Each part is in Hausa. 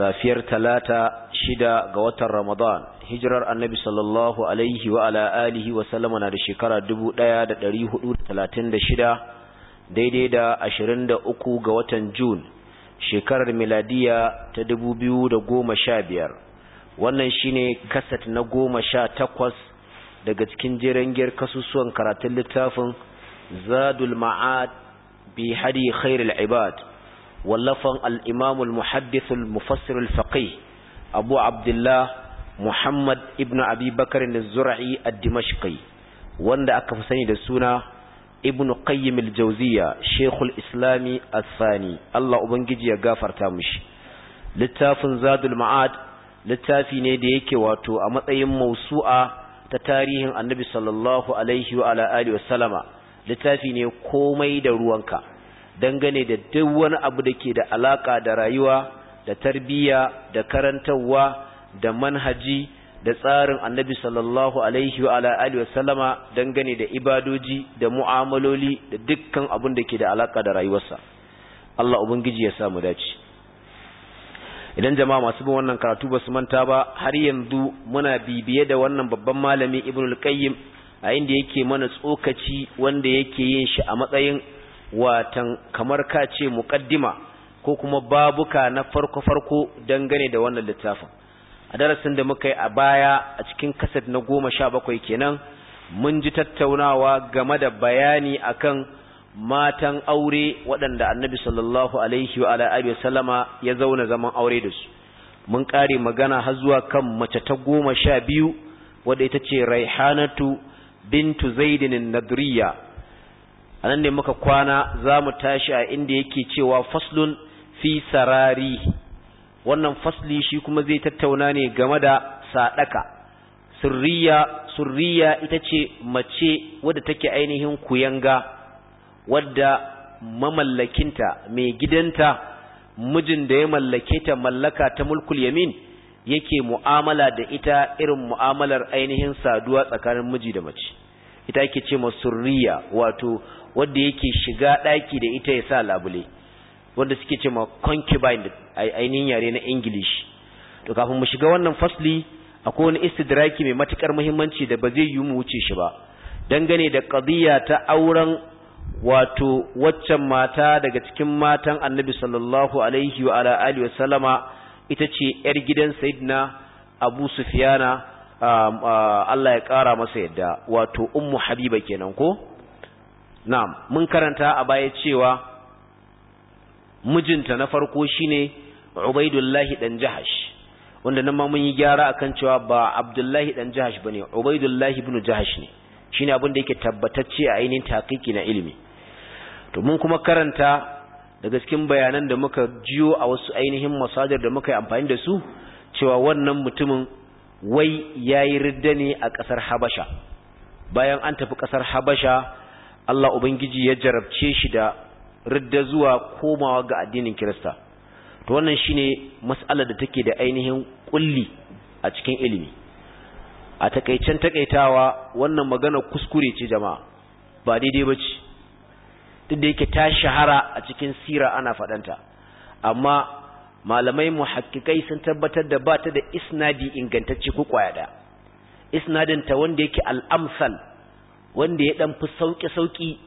safiyar talata shida ga watan ramadan hijirar annabi sallallahu alaihi wa ala alihi wa sallama na da shekara shida daidai da ashirin uku ga watan jun shekarar miladiya ta dubu biyu da goma sha biyar wannan shine kasat na goma sha takwas daga cikin jirangiyar kasusuwan karatun littafin zadul ma'ad bi hadi khairul ibad wallafan al-imam al-muhaddith al-mufassir abu abdullah muhammad ibn abi bakr az-zur'i ad-dimashqi wanda aka fi sani da suna ibn qayyim al-jawziya shekul islami ath Sani Allah ubangiji ya gafarta mishi littafin zadul ma'ad littafi ne da yake wato a matsayin mausu'a ta tarihin annabi sallallahu alaihi wa ala alihi littafi ne komai da ruwanka dangane da duk wani abu da ke da alaƙa da rayuwa da tarbiyya da karantarwa da manhaji da tsarin annabi sallallahu alaihi wa alihi wa sallama dangane da ibadoji da mu'amaloli da dukkan abin da ke da alaka da rayuwarsa Allah ubangiji ya sa mu dace idan jama'a masu bin wannan karatu ba su manta ba har yanzu muna bibiye da wannan babban malami ibnul qayyim a inda yake mana tsokaci wanda yake yin shi a matsayin watan kamar ka ce muqaddima ko kuma babuka na farko-farko dangane da wannan littafin a darasin da muka yi a baya a cikin kaset na goma sha bakwai kenan mun ji tattaunawa game da bayani akan matan aure waɗanda annabi sallallahu alaihi wa alihi ya zauna zaman aure da su mun ƙare magana har zuwa kan mace ta goma sha biyu wadda ita ce raihanatu bintu zaidin nadriya anan ne muka kwana za mu tashi a inda yake cewa faslun fi sarari wannan fasli shi kuma zai tattauna ne game da sadaka sirriya surriya ita ce mace wadda take ainihin kuyanga wadda mamallakinta mai gidanta mijin da ya mallake ta mallaka ta mulkul yamin yake mu'amala da ita irin mu'amalar ainihin saduwa tsakanin miji da mace ita ake ce masurriya wato wanda yake shiga ɗaki da ita ya sa labule wanda suke ce ma concubine ainihin yare na ingilishi to kafin mu shiga wannan fasli akwai wani istidraki mai matukar muhimmanci da ba zai yi mu wuce shi ba dangane da qadiya ta auren wato waccan mata daga cikin matan annabi sallallahu alaihi wa ala alihi sallama ita ce yar gidan sayyidina abu sufyana um, uh, Allah ya kara masa yadda wato ummu habiba kenan ko na'am mun karanta a baya cewa mijinta na farko shine Ubaidullahi dan Jahash wanda nan ma mun yi gyara akan cewa ba Abdullahi dan Jahash bane Ubaidullahi ibn Jahash ne shine abin da yake tabbatacce a ainihin taqiqi na ilimi to mun kuma karanta daga cikin bayanan da muka jiyo a wasu ainihin masajar da muka yi amfani da su cewa wannan mutumin wai yayi ridda ne a kasar Habasha bayan an tafi kasar Habasha Allah ubangiji ya jarabce shi da ridda zuwa komawa ga addinin Kirista to wannan shine mas'alar da take da ainihin kulli a cikin ilimi a takaicen takaitawa wannan magana kuskure ce jama'a ba daidai bace duk da yake ta shahara a cikin sira ana faɗanta amma malamai muhakkikai sun tabbatar da ba ta da isnadi ingantacce ko kwaya da isnadin ta wanda yake al-amsal wanda ya dan fi sauke sauki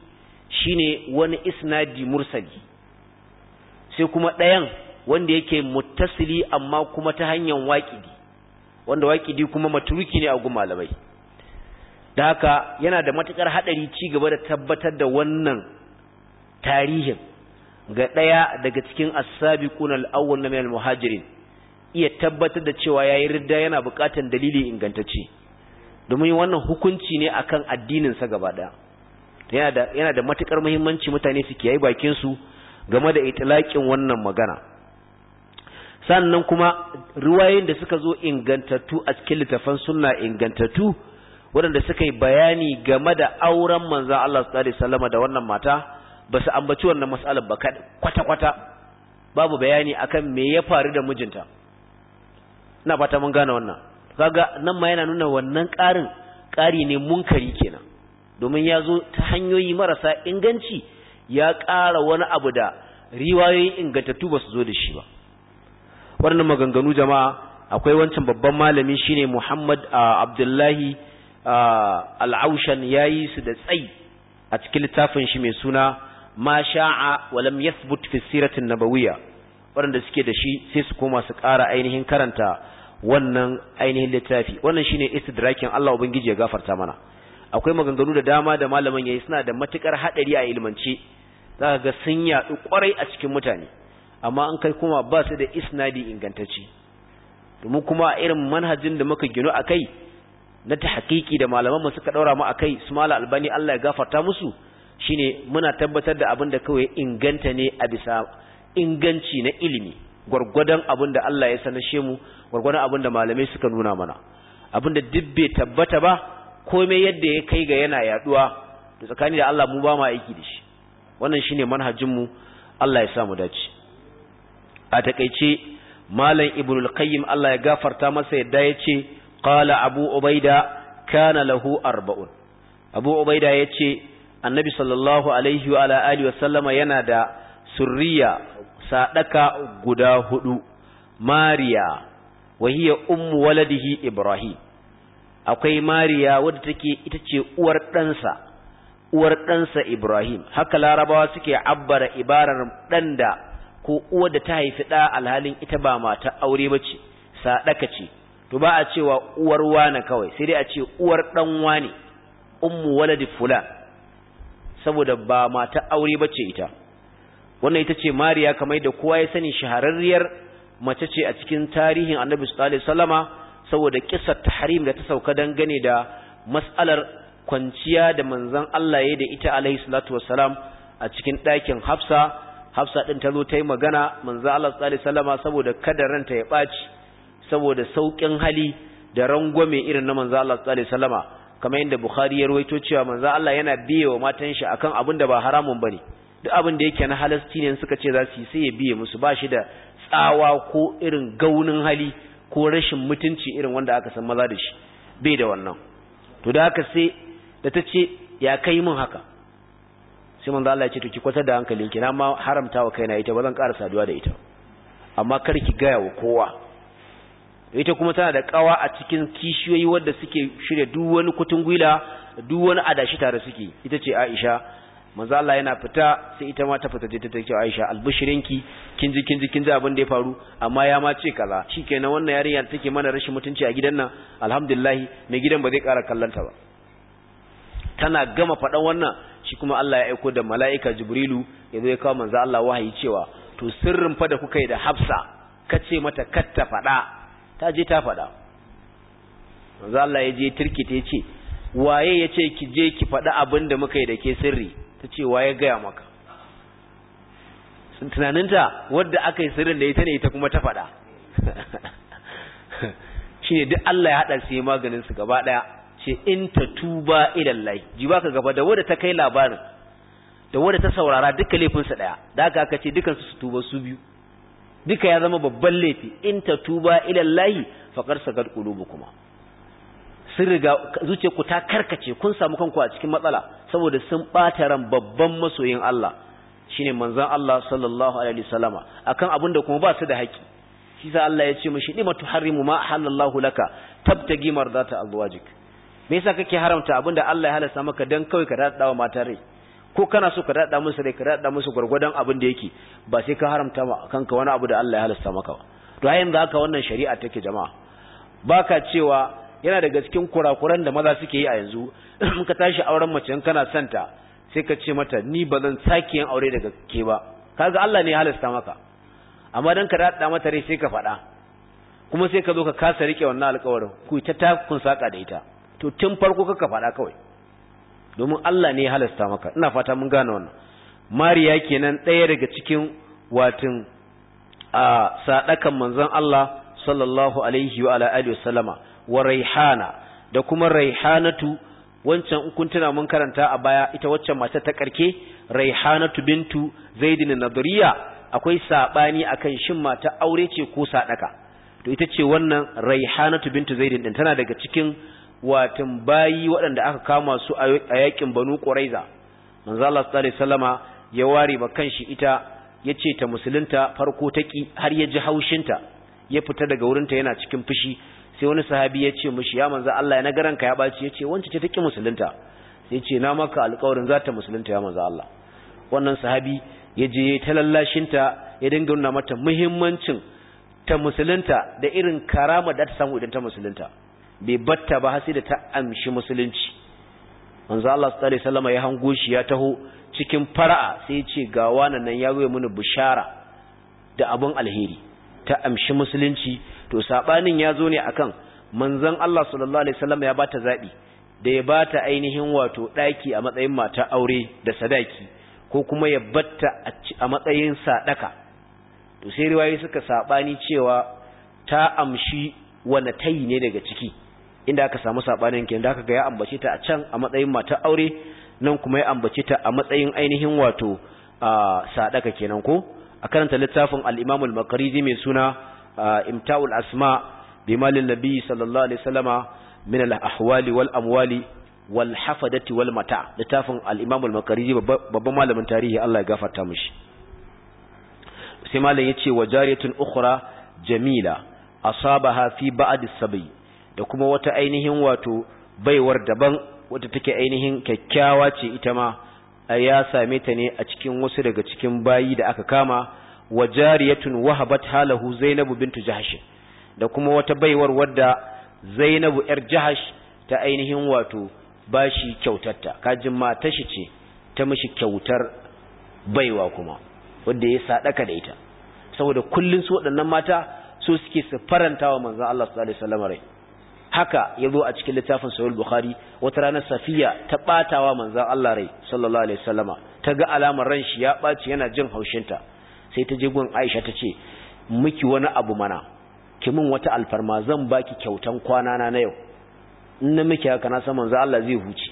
shine wani isnadi mursali sai kuma ɗayan wanda yake muttasili amma kuma ta hanyar waƙidi wanda waƙidi kuma maturuki ne a gu malamai da haka yana da matukar hadari ci gaba da tabbatar da wannan tarihin ga ɗaya daga cikin asabi sabiqun al na mai muhajirin iya tabbatar da cewa yayi ridda yana buƙatar dalili ingantacce domin wannan hukunci ne akan addininsa gaba ɗaya yana da yana da matukar muhimmanci mutane su kiyaye bakin su game da itlaqin wannan magana sannan kuma riwayoyin da suka zo ingantattu a cikin littafan sunna ingantattu waɗanda suka yi bayani game da auren manzon Allah sallallahu alaihi wasallam da wannan mata ba su ambaci wannan matsalar ba kwata kwata babu bayani akan me ya faru da mijinta ina fata mun gane wannan kaga nan ma yana nuna wannan ƙarin ƙari ne munkari kenan domin ya zo ta hanyoyi marasa inganci ya ƙara wani abu da riwayoyin ingantattu ba su zo da shi ba wannan maganganu jama'a akwai wancan babban malami shine Muhammad Abdullahi Al-Aushan yayi su da tsayi a cikin littafin shi mai suna ma sha'a wa lam yathbut fi siratin nabawiyya waɗanda suke da shi sai su koma su ƙara ainihin karanta wannan ainihin littafi wannan shine istidrakin Allah ubangiji ya gafarta mana akwai maganganu da dama da malaman yayi suna da matukar hadari a ilmance zaka ga sun yadu kwarai a cikin mutane amma an kai kuma ba su da isnadi ingantacce domin kuma irin manhajin da muka gino akai na tahqiqi da malaman mu suka daura mu akai su mala albani Allah ya gafarta musu shine muna tabbatar da abin da kawai inganta ne a bisa inganci na ilimi gwargwadon abin da Allah ya sanashe mu gwargwadon abin da malamai suka nuna mana abin da duk bai tabbata ba komai yadda ya kai ga yana yaduwa da tsakani da Allah mu ba mu aiki da shi wannan shine manhajin mu Allah ya samu mu dace a takeice malam ibnu al-qayyim Allah ya gafarta masa yadda ya ce, qala abu ubaida kana lahu arba'un abu ubaida ce annabi sallallahu alaihi wa sallama yana da surriya sadaka guda hudu mariya wahiya ummu waladihi ibrahim akwai mariya wadda take ita ce uwar ɗansa uwar ɗansa ibrahim haka larabawa suke abbara ibarar ɗan da ko uwar da ta haifi ɗa alhalin ita ba mata aure ba ce sadaka ce to ba a cewa uwar wane kawai sai dai a ce uwar ɗan wane ummu waladi fulan saboda ba mata aure bace ita wannan ita ce mariya kamar da kowa ya sani shahararriyar mace ce a cikin tarihin annabi sallallahu alaihi wasallama saboda kissar tahrim da ta sauka dangane da mas'alar kwanciya da manzon Allah ya da ita alaihi salatu wassalam a cikin ɗakin Hafsa Hafsa din ta zo ta yi magana manzon Allah sallallahu alaihi wasallama saboda kada ranta ya baci saboda saukin hali da rangwame irin na manzon Allah sallallahu alaihi wasallama kamar yadda Bukhari ya rawaito cewa manzon Allah yana biye wa matan shi akan abin da ba haramun bane duk abin da yake na halasci ne suka ce za su yi sai ya biye musu ba shi da tsawa ko irin gaunin hali ko rashin mutunci irin wanda aka san maza da shi bai da wannan to da haka sai da ta ce ya kai min haka sai manzo Allah ya ce to ki kwatar da hankalinki na ma haramta wa kaina ita ba zan ƙara saduwa da ita amma kar ki gaya wa kowa ita kuma tana da kawa a cikin kishiyoyi wanda suke shirya duk wani kutungwila duk wani adashi tare suke ita ce Aisha manzo Allah yana fita sai ita ma ta fita je ta ce Aisha albushirinki kin ji kin ji kin ji abin da ya faru amma ya ma ce kaza shikenan wannan yarinya take mana rashin mutunci a gidan nan alhamdulillah mai gidan ba zai ƙara kallanta ba tana gama faɗan wannan shi kuma Allah ya aiko da mala'ika Jibrilu ya zo ya kawo manzo Allah wahayi cewa to sirrin fa da kuka yi da Hafsa kace mata katta faɗa ta je ta faɗa manzo Allah ya je turkita ya ce waye ya ce ki je ki faɗi abin da muka yi da ke sirri ta ce wa ya gaya maka tunaninta wadda aka yi sirrin da ita ne ita kuma ta faɗa shi ne duk Allah ya haɗa sai maganin su gaba ɗaya ce in ta tuba ilallahi ji ka gaba da wadda ta kai labarin da wadda ta saurara duka laifinsa ɗaya da aka aka ce dukansu su tuba su biyu duka ya zama babban laifi in ta tuba ilallahi faƙar sagar ƙulubu kuma sun riga zuciyarku ta karkace kun samu kanku a cikin matsala saboda sun ɓata ran babban masoyin Allah shine manzan Allah sallallahu alaihi wasallama akan abin da kuma ba su da haƙi shi sa Allah ya ce mishi lima tuharrimu ma halallahu laka tabtagi mardata azwajik me yasa kake haramta da Allah ya halasta maka dan kawai ka daɗa wa mata rai ko kana so ka dada musu rai ka daɗa musu gwargwadon abin da yake ba sai ka haramta ma kanka wani abu da Allah ya halasta maka ba to yayin da wannan shari'a take jama'a baka cewa yana daga cikin kurakuran da maza suke yi a yanzu ka tashi auren mace in kana santa sai ka ce mata ni ba zan sake yin aure daga ke ba kaga Allah ne ya halasta maka amma dan ka dada mata rai sai ka faɗa kuma sai ka zo ka kasa rike wannan alƙawarin ku ta ta kun saka da ita to tun farko ka faɗa kawai domin Allah ne ya halasta maka ina fata mun gane wannan mariya kenan ɗaya daga cikin watin a ah, sadakan manzon Allah sallallahu alaihi wa alihi wasallama wa raihana da kuma raihanatu wancan kun tuna mun karanta a baya ita waccan mata ta karke raihanatu bintu zaidin nadriya akwai sabani akan shin mata aure ce ko sadaka to ita ce wannan raihanatu bintu zaidin din tana daga cikin watan bayi waɗanda aka kama su a yakin banu quraiza manzo Allah sallallahu alaihi wasallama ya ware ba kanshi ita yace ta musulunta farko taki har ya ji haushinta ya fita daga wurinta yana cikin fushi sai wani sahabi ya ce mishi ya manzo Allah ya na garanka ya baci ya ce wance ce take musulunta sai ce na maka alƙawarin za ta musulunta ya manzo Allah wannan sahabi ya je ta lallashinta ya dinga nuna mata muhimmancin ta musulunta da irin karama da ta samu idan ta musulunta bai batta ba sai da ta amshi musulunci manzo Allah sallallahu alaihi wasallam ya hango shi ya taho cikin fara'a sai ya ce ga wannan nan ya yi mini bishara da abun alheri ta amshi musulunci to sabanin ya zo ne akan manzon Allah sallallahu alaihi wasallam ya bata zabi da ya bata ainihin wato daki a matsayin mata aure da sadaki ko kuma ya batta a matsayin sadaka to sai riwayoyi suka sabani cewa ta amshi wani tayi ne daga ciki inda aka samu sabanin kenan da aka ga ya ambace ta a can a matsayin mata aure nan kuma ya ambace ta a matsayin ainihin wato sadaka kenan ko a karanta littafin al-Imam al-Maqrizi mai suna imta'ul asma bi malin nabi sallallahu alaihi wasallama min al-ahwali wal amwali wal hafadati wal mata littafin al-imam al-makariji babban malamin tarihi Allah ya gafarta mishi sai malam yace wa jariyatun ukhra jamila asabaha fi ba'd sabi da kuma wata ainihin wato baiwar daban wata take ainihin kyakkyawa ce ita ma ya same ta ne a cikin wasu daga cikin bayi da aka kama wa jariyatun wahabat halahu zainabu bintu jahash da kuma wata baiwar wadda zainabu yar jahash ta ainihin wato bashi kyautarta kajin mata shi ce ta mishi kyautar baiwa kuma wanda ya sadaka da ita saboda kullun su waɗannan mata so suke su faranta wa manzon Allah sallallahu alaihi wasallam haka yazo a cikin littafin sahih bukhari wata rana safiya ta batawa manzon Allah rai sallallahu alaihi wasallama ta ga alamar ran shi ya baci yana jin haushinta sai ta je gun Aisha ta ce miki wani abu mana ki min wata alfarma zan baki kyautan kwana na na yau in na miki haka na san manzo Allah zai huce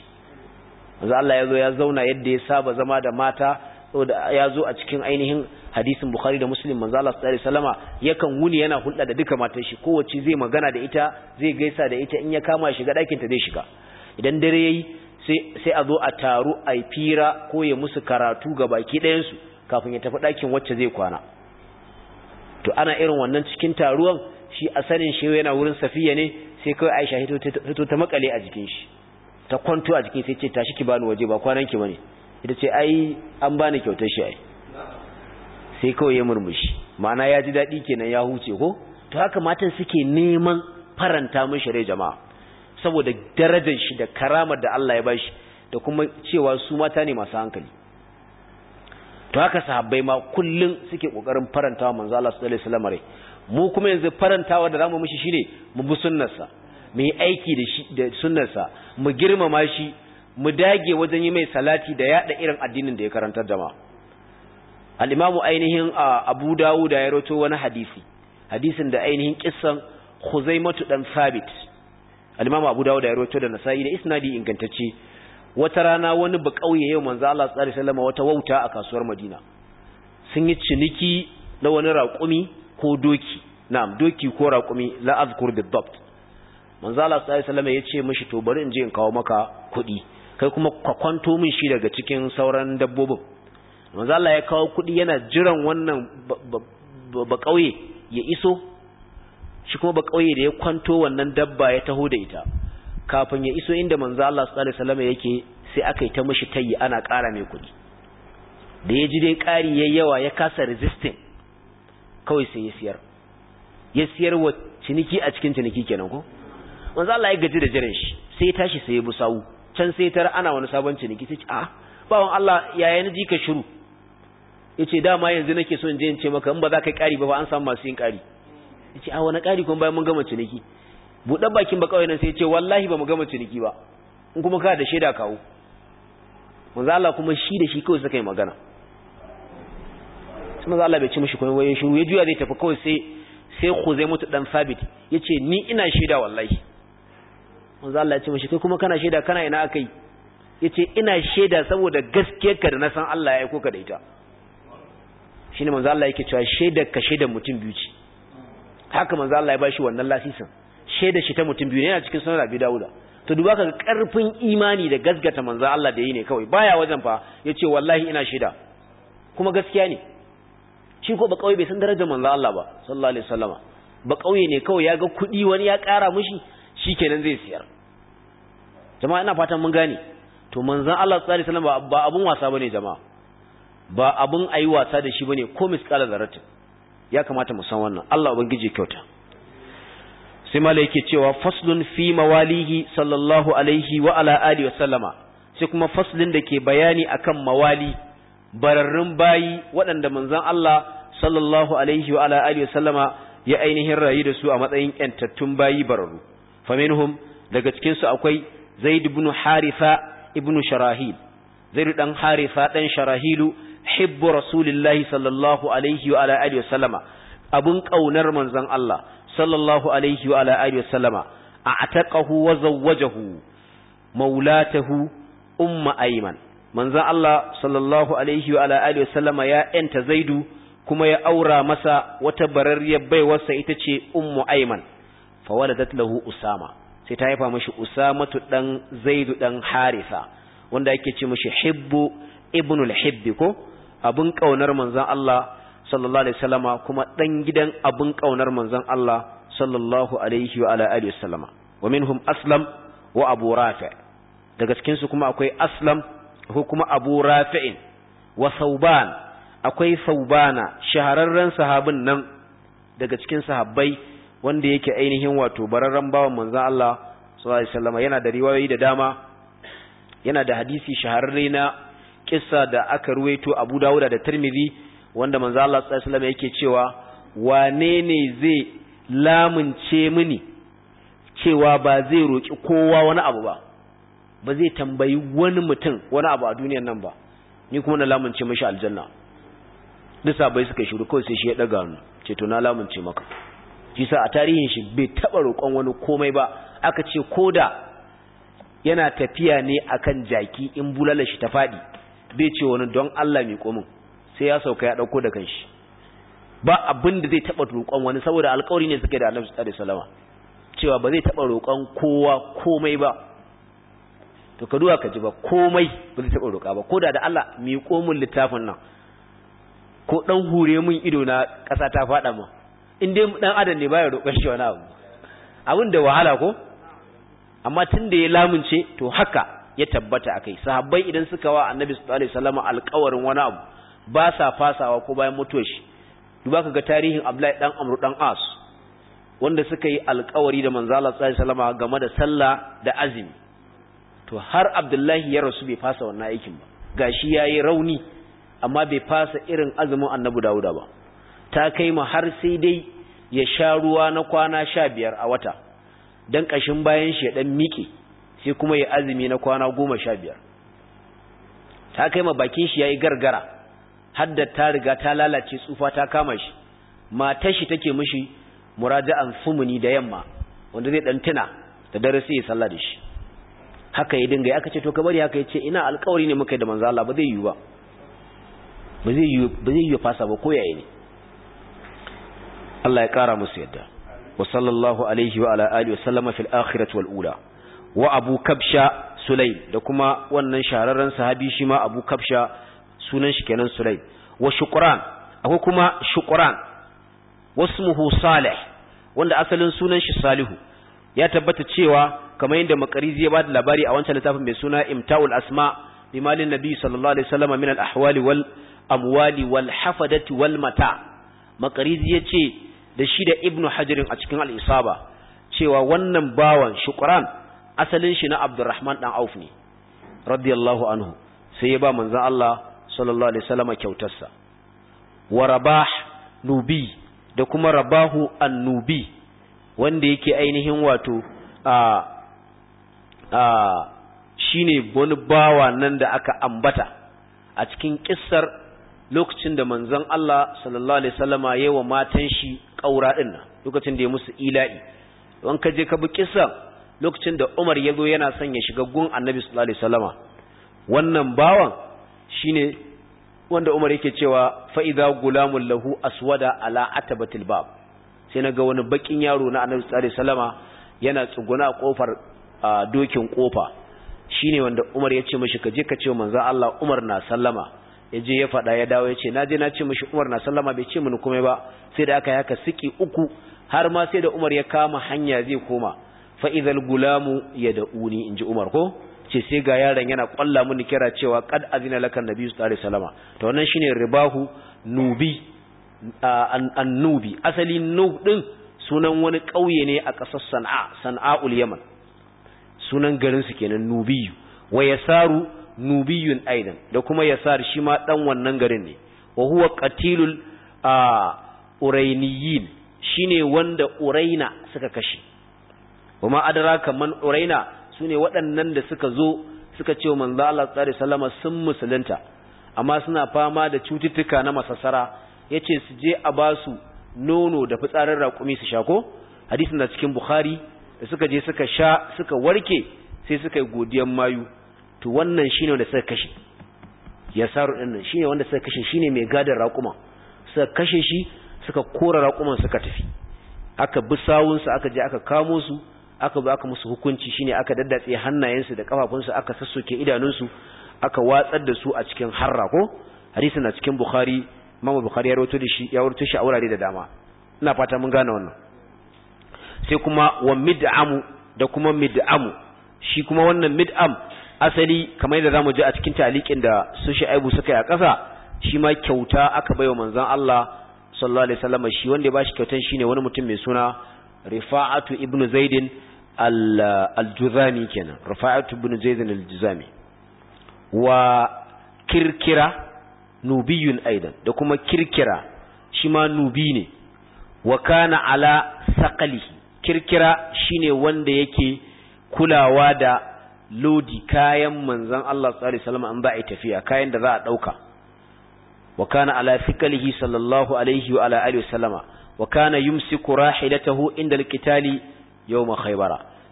manzo Allah ya zo ya zauna yadda ya saba zama da mata saboda ya zo a cikin ainihin hadisin Bukhari da Muslim manzo Allah sallallahu alaihi wasallama yakan wuni yana hulɗa da duka matan shi kowace zai magana da ita zai gaisa da ita in ya kama shiga dakin ta zai shiga idan dare yayi sai sai a zo a taru a fira ko ya musu karatu ga baki ɗayan su kafin ya tafi ɗakin wacce zai kwana to ana irin wannan cikin taruwan shi a sanin shi yana wurin safiya ne sai kawai aisha hito ta makale a jikin shi ta kwanto a jikin sai ce tashi ki bani waje ba kwanan ki bane ita ce ai an bani kyautar shi ai sai kawai ya murmushi ma'ana ya ji daɗi kenan ya huce ko to haka matan suke neman faranta mishi rai jama'a saboda darajar shi da karamar da Allah ya bashi da kuma cewa su mata ne masu hankali to haka sahabbai ma kullun suke kokarin farantawa manzo Allah sallallahu alaihi wasallam mu kuma yanzu farantawa da zamu mishi shine mu bi sunnarsa mu yi aiki da shi da sunnarsa mu girmama shi mu dage wajen yi mai salati da yada irin addinin da ya karantar da ma al-imamu ainihin Abu Dawud ya rawaito wani hadisi hadisin da ainihin kissan Khuzaimatu dan sabit al-imamu Abu Dawud ya rawaito da Nasa'i da isnadi ingantacce wata rana wani ba kauye yau manzo Allah sallallahu alaihi wata wauta a kasuwar Madina sun yi ciniki na wani raƙumi ko doki na'am doki ko raƙumi la azkur bidabt manzo Allah sallallahu alaihi wasallam ya ce mishi to bari in je in kawo maka kuɗi kai kuma ka kwanto min shi daga cikin sauran dabbobin manzo Allah ya kawo kuɗi yana jiran wannan ba ƙauye ya iso shi kuma ba ƙauye da ya kwanto wannan dabba ya taho da ita kafin ya iso inda manzo Allah sallallahu alaihi wasallam yake sai aka yi ta mishi tayi ana ƙara mai kuɗi da ya ji dai ƙari yayyawa yawa ya kasa resisting kawai sai ya siyar ya siyar wa ciniki a cikin ciniki kenan ko manzo Allah ya gaji da jiran shi sai ya tashi sai ya busawu can sai tar ana wani sabon ciniki sai a bawon Allah yaya na ji ka shiru yace dama yanzu nake so in je in ce maka in ba za ka ƙari ba ba an samu masu yin ƙari yace a wani ƙari kuma bayan mun gama ciniki buɗe bakin ba kawai nan sai ce wallahi ba mu gama ciniki ba in kuma ka da shaida kawo manzo Allah kuma shi da shi kawai suka yi magana sai manzo Allah bai ci mishi kuma waye shiru ya juya zai tafi kawai sai sai mutu dan Sabit yace ni ina shaida wallahi manzo Allah ya ce mishi kai kuma kana shaida kana ina akai yace ina shaida saboda ka da na san Allah ya aiko ka da ita shine manzo Allah yake cewa shaidar ka shaidar mutum biyu ce haka manzo Allah ya bashi wannan lasisin shaida shi ta mutum biyu yana cikin sunan Abi dauda to duba ka karfin imani da gasgata manzo Allah da yi ne kawai baya wajen fa yace wallahi ina shaida kuma gaskiya ne shi ko ba kauye bai san darajar manzo Allah ba sallallahu alaihi wasallama ba kauye ne kawai ya ga kudi wani ya kara mishi shikenan zai siyar jama'a ina fatan mun gane to manzan Allah sallallahu alaihi wasallama ba abun wasa bane jama'a ba abun ayi wasa da shi bane ko misqala zarratin ya kamata mu san wannan Allah ubangiji kyauta sai mala yake cewa faslun fi mawalihi sallallahu alaihi wa ala alihi wasallama sai kuma faslin da ke bayani akan mawali bararrun bayi waɗanda manzon Allah sallallahu alaihi wa ala alihi wasallama ya ainihin rayu da su a matsayin ƴantattun bayi bararru faminhum daga cikin su akwai zaid ibn harifa ibn sharahil zaid dan harifa dan sharahilu hibbu rasulillahi sallallahu alaihi wa ala alihi wasallama abun kaunar manzon Allah sallallahu alaihi wa ala alihi wasallama a'taqahu wa zawwajahu maulatahu umma ayman manzon Allah sallallahu alaihi wa ala alihi ya enta zaidu kuma ya aura masa wata bararriyar baiwarsa ita ce ummu ayman fa waladat lahu usama sai ta haifa mishi usamatu ɗan zaidu ɗan harisa wanda ake ce mishi hibbu ibnul hibbi ko abun kaunar manzon Allah sallallahu alaihi wasallama kuma dan gidan abun kaunar manzon Allah sallallahu alaihi wa ala alihi wasallama wa minhum aslam wa abu rafi daga cikin su kuma akwai aslam ko kuma abu rafi'in wa sauban akwai saubana shahararren sahabin nan daga cikin sahabbai wanda yake ainihin wato bararren bawan manzon Allah sallallahu alaihi wasallama yana da riwayoyi da dama yana da hadisi shahararre na kissa da aka ruwaito Abu Dawud da Tirmidhi wanda manzo Allah sallallahu alaihi wasallam yake cewa wane ne zai lamunce mini cewa ba zai roki kowa wani abu ba ba zai tambayi wani mutum wani abu a duniyar nan ba ni kuma na lamunce mashi aljanna duk sabai suka shiru kawai sai shi ya daga hannu ce to na lamunce maka shi a tarihin shi bai taba roƙon wani komai ba aka ce koda yana tafiya ne akan jaki in bulala shi ta fadi bai ce wani don Allah mai min. sai ya sauka ya dauko da kanshi ba abin da zai taba roƙon wani saboda alƙawari ne suke da Annabi sallallahu alaihi wasallama cewa ba zai taba roƙon kowa komai ba to ka duwa ka ji ba komai ba zai taba roƙa ba koda da Allah miƙo mun littafin nan ko dan hure mun ido na ƙasa ta fada mun in dai dan adam ne baya roƙon shi wani abu abin da wahala ko amma tun da ya lamunce to haka ya tabbata akai sahabbai idan suka wa annabi sallallahu alaihi wasallam alƙawarin wani abu ba sa fasawa ko bayan mutuwar shi duba kaga tarihin Abdullahi dan Amr dan As wanda suka yi alƙawari da manzo Allah sallallahu alaihi game da sallah da azumi to har Abdullahi ya rasu bai fasa wannan aikin ba gashi yayi rauni amma bai fasa irin azumin Annabi Dawuda ba ta kai mu har sai dai ya sha ruwa na kwana 15 a wata dan kashin bayan shi ya dan miƙe sai kuma ya azumi na kwana goma sha ta kai ma bakin shi ya yi gargara hadda ta riga ta lalace tsufa ta kama shi matar shi take mishi muraja'an sumuni da yamma wanda zai dan tuna da dare sai ya sallah da shi haka ya dinga ya ce to ka bari haka ya ce ina alƙawari ne muka yi da manzo Allah ba zai yi ba ba zai yi ba zai yi fasa ba ko ne Allah ya kara musu yadda wa sallallahu alaihi wa ala alihi wa sallama fil akhirati wal ula wa abu kabsha sulaim da kuma wannan shahararren sahabi shi ma abu kabsha sunan shi kenan sulaim wa shukran akwai kuma shukran wasmuhu salih wanda asalin sunan shi salihu ya tabbata cewa kamar yadda makarizi ya bada labari a wancan littafin mai suna imta'ul asma bi malin nabi sallallahu alaihi wasallam min al ahwali wal amwali wal hafadati wal mata makarizi da shi da ibnu hajarin a cikin al isaba cewa wannan bawan shukran asalin shi na abdurrahman dan auf ne radiyallahu anhu sai ya ba manzon Allah sallallahu alaihi wasallam kyautarsa wa rabah nubi da kuma rabahu annubi wanda yake ainihin wato a a shine wani bawa nan da aka ambata a cikin kissar lokacin da manzon Allah sallallahu alaihi wasallama yayi wa matan shi kaura din lokacin da ya musu ila'i wan ka je ka bi kissan lokacin da Umar yazo yana son ya shiga gun Annabi sallallahu alaihi wasallama wannan bawan shine wanda Umar yake cewa fa idza gulamul lahu aswada ala atabatil bab sai naga wani bakin yaro na Annabi sallallahu alaihi yana tsuguna kofar dokin kofa shine wanda Umar ya ce mishi ka je ka ce manzo Allah Umar na sallama ya ya faɗa ya dawo yace naje na ce mishi Umar na sallama bai ce mini komai ba sai da aka yi haka siki uku har ma sai da Umar ya kama hanya zai koma fa idzal gulamu yad'uni inji Umar ko ce sai ga yaron yana kwalla mini kira cewa kad azina laka nabi sallallahu alaihi wasallama to wannan shine ribahu nubi annubi asali nub din sunan wani kauye ne a ƙasar san'a san'a'ul yaman sunan garin su kenan nubiyu wa yasaru nubiyun aidan da kuma yasar shi ma dan wannan garin ne wa huwa qatilul urainiyin shine wanda uraina suka kashe kuma adraka man uraina su ne waɗannan da suka zo suka ce wa manzo Allah sallallahu sun musulunta amma suna fama da cututtuka na masassara yace su je a ba su nono da fitsarin raƙumi su shako ko hadisin da cikin Bukhari da suka je suka sha suka warke sai suka yi godiyan mayu to wannan shine wanda suka kashe saru din nan shine wanda suka kashe shine mai gadar raƙuma suka kashe shi suka kora raƙuman suka tafi aka bi sawunsa aka je aka kamo su aka zo aka musu hukunci shine aka daddatse hannayensu da kafafunsu aka sassoke idanunsu aka watsar da su a cikin harra ko hadisi na cikin bukhari mama bukhari ya rawaito shi ya rawaito shi a wurare da dama ina fata mun gane wannan sai kuma wa mid'amu da kuma mid'amu shi kuma wannan mid'am asali kamar yadda zamu ji a cikin talikin da su Shu'aibu suka yi a ƙasa shi ma kyauta aka baiwa manzon Allah sallallahu alaihi wasallam shi wanda ya bashi kyautan shine wani mutum mai suna Rifa'atu ibnu Zaidin al-juzami kenan rafa'atu ibn zaid al-juzami wa kirkira nubiyun aidan da kuma kirkira shi ma nubi ne wa kana ala saqalihi kirkira shine wanda yake kulawa da lodi kayan manzon Allah sallallahu alaihi wasallam an tafiya kayan da za a dauka wa kana ala thiqalihi sallallahu alaihi wa ala alihi wasallama wa kana yumsiku rahilatahu inda al yawma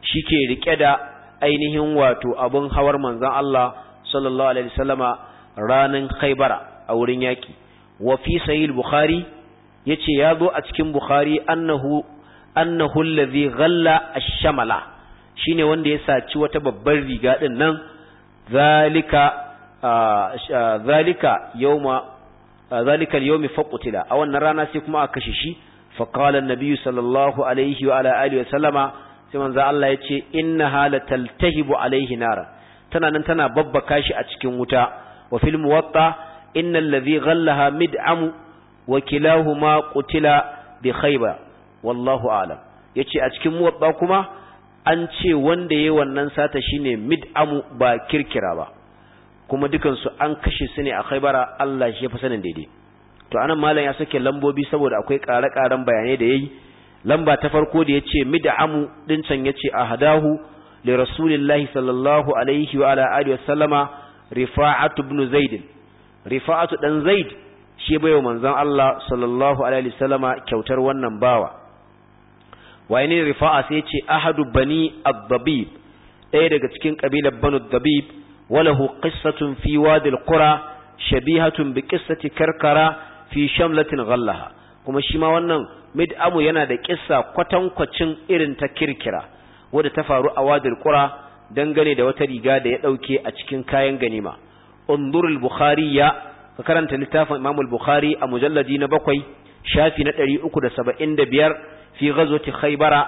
shi ke riƙe da ainihin wato abun hawar manzon Allah sallallahu alaihi wasallama ranan khaibara a wurin yaƙi. wa fi sahih bukhari yace ya zo a cikin bukhari annahu annahu allazi ghalla ash-shamala shine wanda ya saci wata babbar riga ɗin nan zalika zalika yawma zalika al-yawmi faqutila a wannan rana sai kuma a kashe shi فقال النبي صلى الله عليه وعلى آله وسلم سيمن ذا الله يتشي إنها لتلتهب عليه نارا تنا ننتنا ببا كاشي أتشكي متا وفي الموطة إن الذي غلها مدعم وكلاهما قتل بخيبة والله أعلم يتشي أتشكي موطة كما an ce wanda ya wannan sata shine mid'amu ba kirkira ba kuma dukansu an kashe su ne a khaibara Allah shi ya fi sanin daidai to anan malam ya sake lambobi saboda akwai ƙare-ƙaren bayanai da yi lamba ta farko da yace mid'amu ɗin can yace ahdahu da rasulillahi sallallahu alaihi wa ala wasallama rifa'atu zaid rifa'atu ɗan zaid shi bai manzon Allah sallallahu alaihi wasallama kyautar wannan bawa wayne rifa'a sai ce ahadu bani ad-dabib ɗaya daga cikin ƙabilar banu dabib walahu qissatun fi wadi qura shabihatun bi qissati karkara fi shamlatin ghallaha kuma shi ma wannan mid'amu yana da kissa kwatankwacin irin ta kirkira wadda ta faru a wadil qura dangane da wata riga da ya dauke a cikin kayan ganima unzurul bukhari ya ka karanta littafin imam al-bukhari a mujalladi na bakwai shafi na 375 fi ghazwati khaybara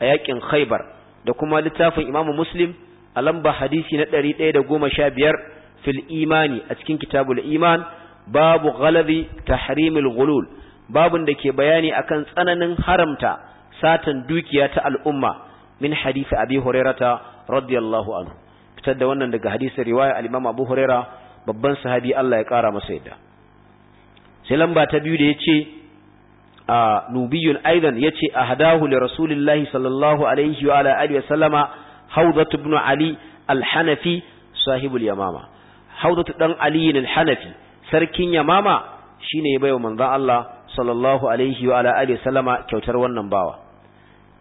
a yakin khaybar da kuma littafin imam muslim a lamba hadisi na 115 fil imani a cikin kitabul iman babu ghalabi tahrimil ghulul babun da ke bayani akan tsananin haramta satan dukiya ta al'umma min hadisi abi hurairata radiyallahu anhu fitar da wannan daga hadisin riwaya al-imam abu huraira babban sahabi Allah ya kara masa yadda sai lamba ta biyu da yace a nubiyun aidan yace ahadahu li rasulillahi sallallahu alaihi wa ala alihi wa sallama hawdatu ibn ali al-hanafi sahibul yamama hawdatu dan ali al-hanafi sarkin yamama shine bai baiwa manzon Allah sallallahu alaihi wa ala alihi sallama kyautar wannan bawa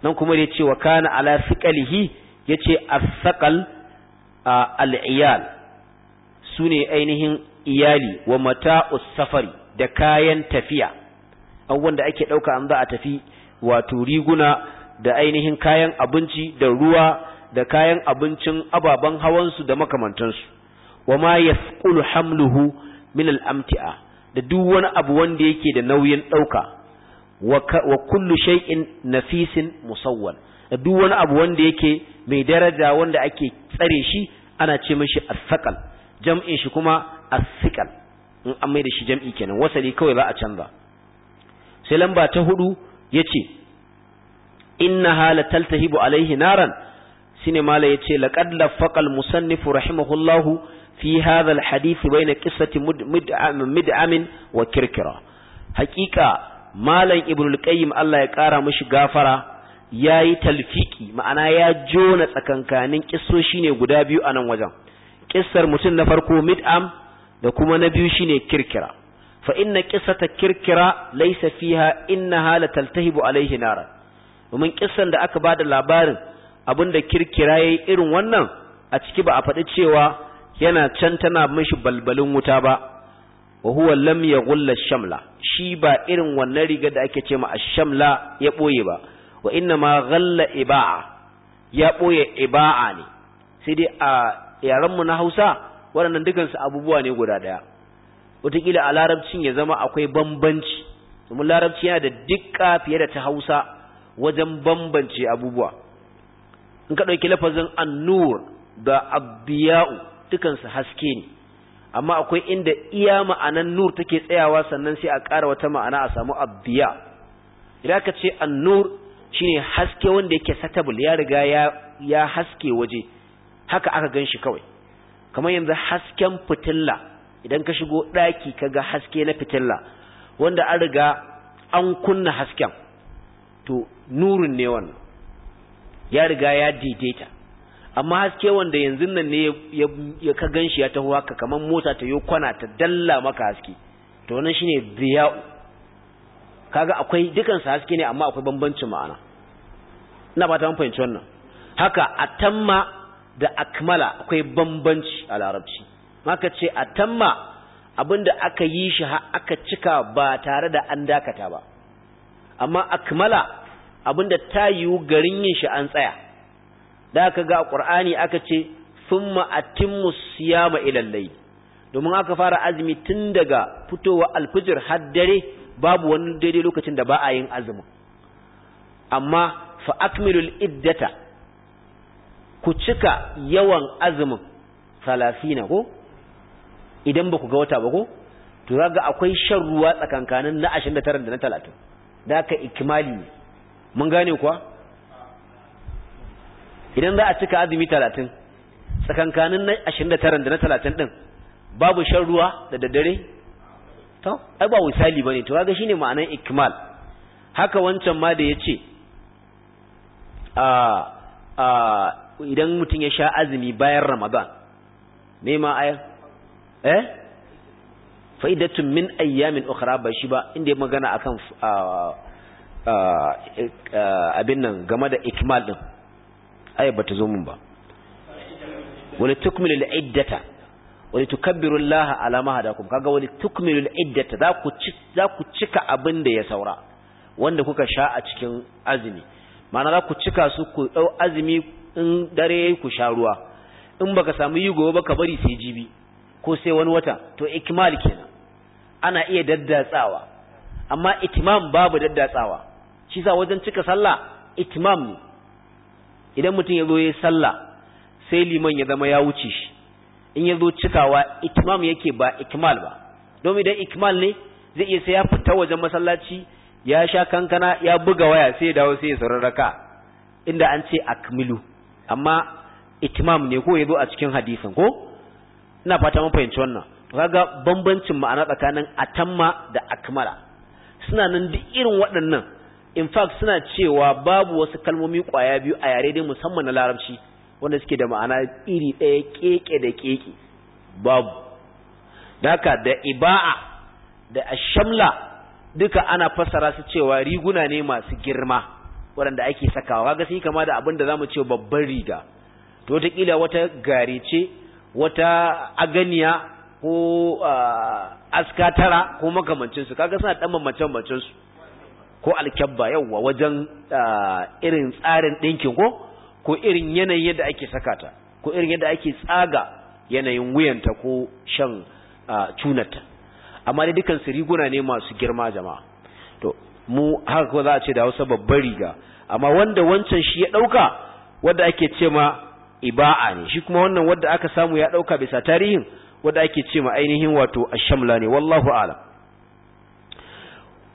nan kuma ya ce wa kana ala ya yace as a aliyal su sune ainihin iyali wa mata safari da kayan tafiya abubuwan da ake ɗauka an za a tafi wato riguna da ainihin kayan abinci da ruwa da kayan abincin ababen hawansu da makamantansu wa ma yasqulu hamluhu min amtia da duk wani abu wanda yake da nauyin ɗauka wa kullu shay'in nafisin musawwal da duk wani abu wanda yake mai daraja wanda ake tsare shi ana ce mishi as-saqal jam'in shi kuma as-siqal in an mai da shi jam'i kenan wasali kawai za a canza sai lamba ta hudu yace inna hala taltahibu alaihi naran sine mala yace laqad lafaqal musannifu rahimahullahu fi hadha alhadith bayna qissati mid'am wa kirkira hakika malam ibnul qayyim Allah ya kara mishi gafara yayi talfiki ma'ana ya jona tsakankanin kissoshi ne guda biyu a nan wajen kissar mutum na farko mid'am da kuma na biyu shine kirkira fa inna qissata kirkira laysa fiha innaha alaihi alayhi nara domin kissan da aka bada labarin abinda kirkira yayi irin wannan a ciki ba a faɗi cewa yana can tana mishi balbalin wuta ba wa huwa lam gulla shamla shi ba irin wannan riga da ake cewa a shamla ya boye ba wa inna ma galla iba'a ya boye iba'a ne sai dai a yaran mu na Hausa waɗannan dukansu abubuwa ne guda daya wataƙila a larabcin ya zama akwai bambanci domin larabci yana da dukka fiye da ta Hausa wajen bambance abubuwa in ka ɗauki lafazin annur da abbiya'u dukansu haske ne amma akwai inda iya ma'anan nur take tsayawa sannan sai a ƙara wata ma'ana a samu abdiya idan ka ce annur shine haske wanda yake satabul ya riga ya ya haske waje haka aka ganshi kawai kamar yanzu hasken fitilla idan ka shigo ɗaki kaga haske na fitilla wanda an riga an kunna hasken to nurin ne wannan ya riga ya daidaita amma haske wanda yanzu nan ne ya ka shi ya taho haka kamar mota ta yi kwana ta dalla maka haske to wannan shine diya'u kaga akwai dukan haske ne amma akwai bambancin ma'ana ina ba ta fahimci wannan haka atamma da akmala akwai bambanci a larabci maka ce atamma abinda aka yi shi aka cika ba tare da an dakata ba amma akmala abinda ta yiwu garin yin shi an tsaya da aka ga a ƙur'ani aka ce thumma atimmu siyama ila layl domin aka fara azumi tun daga fitowa alfijir har dare babu wani daidai lokacin da ba a yin azumi amma fa akmilul iddata ku cika yawan azumin salasina ko idan ba ku ga wata ba ko to zaga akwai shan ruwa tsakankanin na 29 da na 30 da aka ikimali mun gane kuwa idan za a cika azumi talatin tsakankanin na ashirin da taran da na talatin ɗin babu shan ruwa da daddare to ai ba misali ba ne to kaga shine ma'anar ikmal haka wancan ma da ya ce idan mutum ya sha azumi bayan ramadan me ma ayar eh fa'idatun min ayyamin ukhra ba shi ba inda ya magana akan a abin nan game da ikmal din ai bata zo mun ba wani tukmilu iddata wani tukabbiru Allah ala ma hadakum kaga wani tukmilu iddata za ku za ku cika abin da ya saura wanda kuka sha a cikin azumi ma'ana za ku cika su ku dau azumi in dare ku sha ruwa in baka samu yi gobe ka bari sai jibi ko sai wani wata to ikmal kenan ana iya daddatsawa amma itimam babu daddatsawa shi sa wajen cika sallah itimam ne idan mutum ya zo ya sallah sai liman ya zama ya wuce shi in ya zo cikawa itmam yake ba ikmal ba domin idan ikmal ne zai iya sai ya fita wajen masallaci ya sha kankana ya buga waya sai ya dawo sai ya sauran raka inda an ce akmilu amma itmam ne ko ya zo a cikin hadisin ko ina fata mun fahimci wannan kaga bambancin ma'ana tsakanin atamma da akmala suna nan duk irin waɗannan in fact suna cewa babu wasu kalmomi kwaya biyu a yare dai musamman na larabci wanda suke da ma'ana iri ɗaya keke da keke babu daka da iba'a da ashamla duka ana fassara su cewa riguna ne masu girma waɗanda ake sakawa kaga sai kama da abin da zamu ce babban riga to kila wata gare ce wata aganiya ko ah, askatara ko makamancinsu kaga suna ɗan mamacen su ko alkyabba yauwa wajen ah, irin tsarin ɗinkin ko ko irin yanayin yadda ake sakata ko irin yadda ake tsaga yanayin wuyanta ko shan ah, cunata amma da dukkan su riguna ne masu girma jama'a to mu haka ko za a ce da Hausa babbar riga amma wanda wancan shi ya ɗauka wanda ake ce ma iba'a ne shi kuma wannan wanda aka samu ya dauka bisa tarihin wanda ake ce ma ainihin wato ashamla ne wallahu a'lam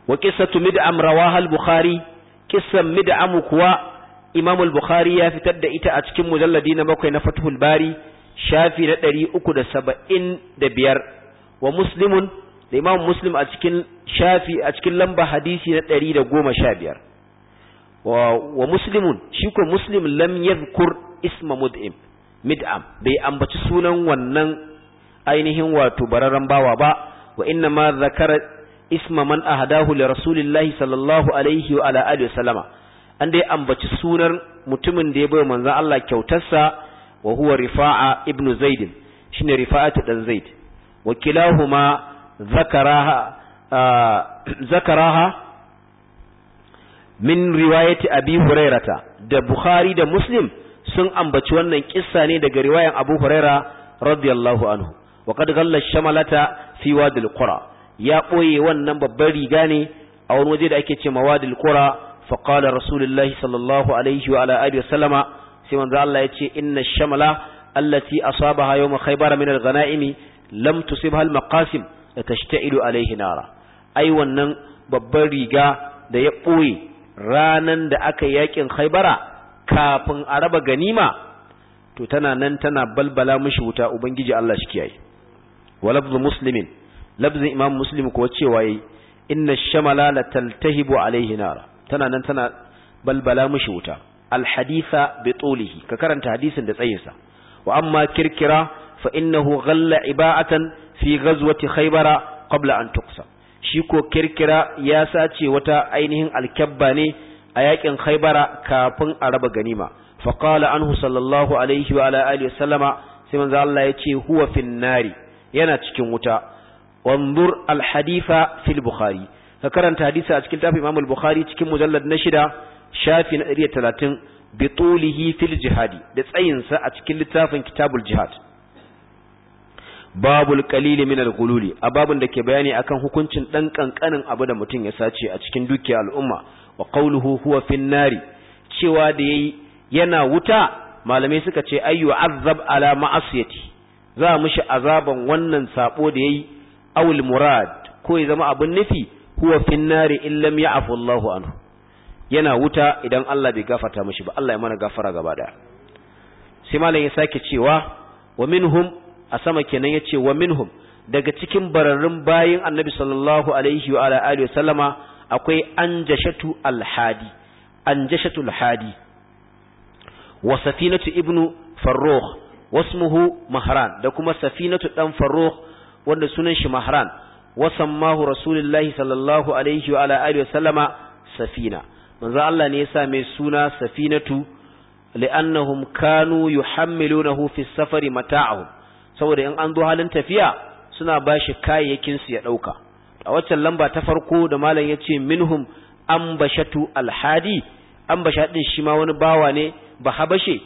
wa qissatu mid'am Rawahal bukhari qissan mid'am kuwa imamul bukhari ya fitar da ita a cikin mujalladi na bakwai na fathul bari shafi na biyar. wa muslimun da imam muslim a cikin shafi a cikin lamba hadisi na sha biyar. wa muslimun shi ko muslim lam yadhkur isma mud'im mid'am bai ambaci sunan wannan ainihin wato bararan bawa ba wa inna ma zakara isma man ahadahu li rasulillahi sallallahu alaihi wa ala alihi wasallama an dai ambaci sunar mutumin da ya bai manzon Allah kyautarsa wa huwa rifa'a ibnu zaid shine rifa'atu dan zaid wa kilahuma zakaraha zakaraha min riwayati abi hurairata da bukhari da muslim sun ambaci wannan kissa ne daga riwayan abu huraira radiyallahu anhu wa qad ghalla shamalata fi wadil qura ya ɓoye wannan babban riga ne a wani waje da ake ce mawadil qura fa qala sallallahu alaihi wa ala sai manzo Allah ya ce inna shamala allati asabaha yawm khaybar min al-ghanaim lam tusibha al-maqasim tashtailu alaihi nara ai wannan babban riga da ya ɓoye ranan da aka yakin khaybara kafin a raba ganima to tana nan tana balbala mishi wuta ubangiji Allah shi kiyaye walabdu muslimin labzin imam muslim kuwa cewa yayi inna shamala la taltahibu alaihi nara tana nan tana balbala mushi wuta al haditha bi tulihi ka karanta hadisin da tsayinsa wa amma kirkira fa innahu ghalla iba'atan fi ghazwati khaybara qabla an tuqsa shi ko kirkira ya sace wata ainihin alkabba ne a yakin khaybara kafin a raba ganima fa qala anhu sallallahu alayhi wa ala alihi sai manzo Allah ya ce huwa fin nari yana cikin wuta wanzur alhadifa fil bukhari ka karanta hadisi a cikin tafi imam bukhari cikin mujallad na shida shafi na 130 bi tulihi fil jihadi da tsayinsa a cikin littafin kitabul jihad babul kalili min al a babun da ke bayani akan hukuncin dan kankanin abu da mutum ya sace a cikin dukiyar al'umma wa qawluhu huwa fin nari cewa da yayi yana wuta malamai suka ce ayyu azab ala ma'asiyati za mushi azaban wannan sabo da yayi awul murad ko ya zama abin nufi huwa fin nari in lam ya'fu Allahu anhu yana wuta idan Allah bai gafarta mishi ba Allah ya mana gafara gaba daya sai malam ya sake cewa wa minhum a sama kenan yace wa minhum daga cikin bararrun bayin Annabi sallallahu alaihi wa ala alihi sallama akwai anjashatu alhadi anjashatu alhadi wa safinatu ibnu farrukh wasmuhu mahran da kuma safinatu ɗan farrukh wanda sunan shi mahran wasan mahu rasulullahi sallallahu alaihi wa ala alihi wa safina manzo Allah ne ya sa mai suna safinatu li'annahum kanu yuhammilunahu fi safari mata'ahum saboda in an zo halin tafiya suna bashi kayayyakin su ya dauka a waccan lamba ta farko da malam yace minhum ambashatu alhadi ambasha din shi ma wani bawa ne ba habashe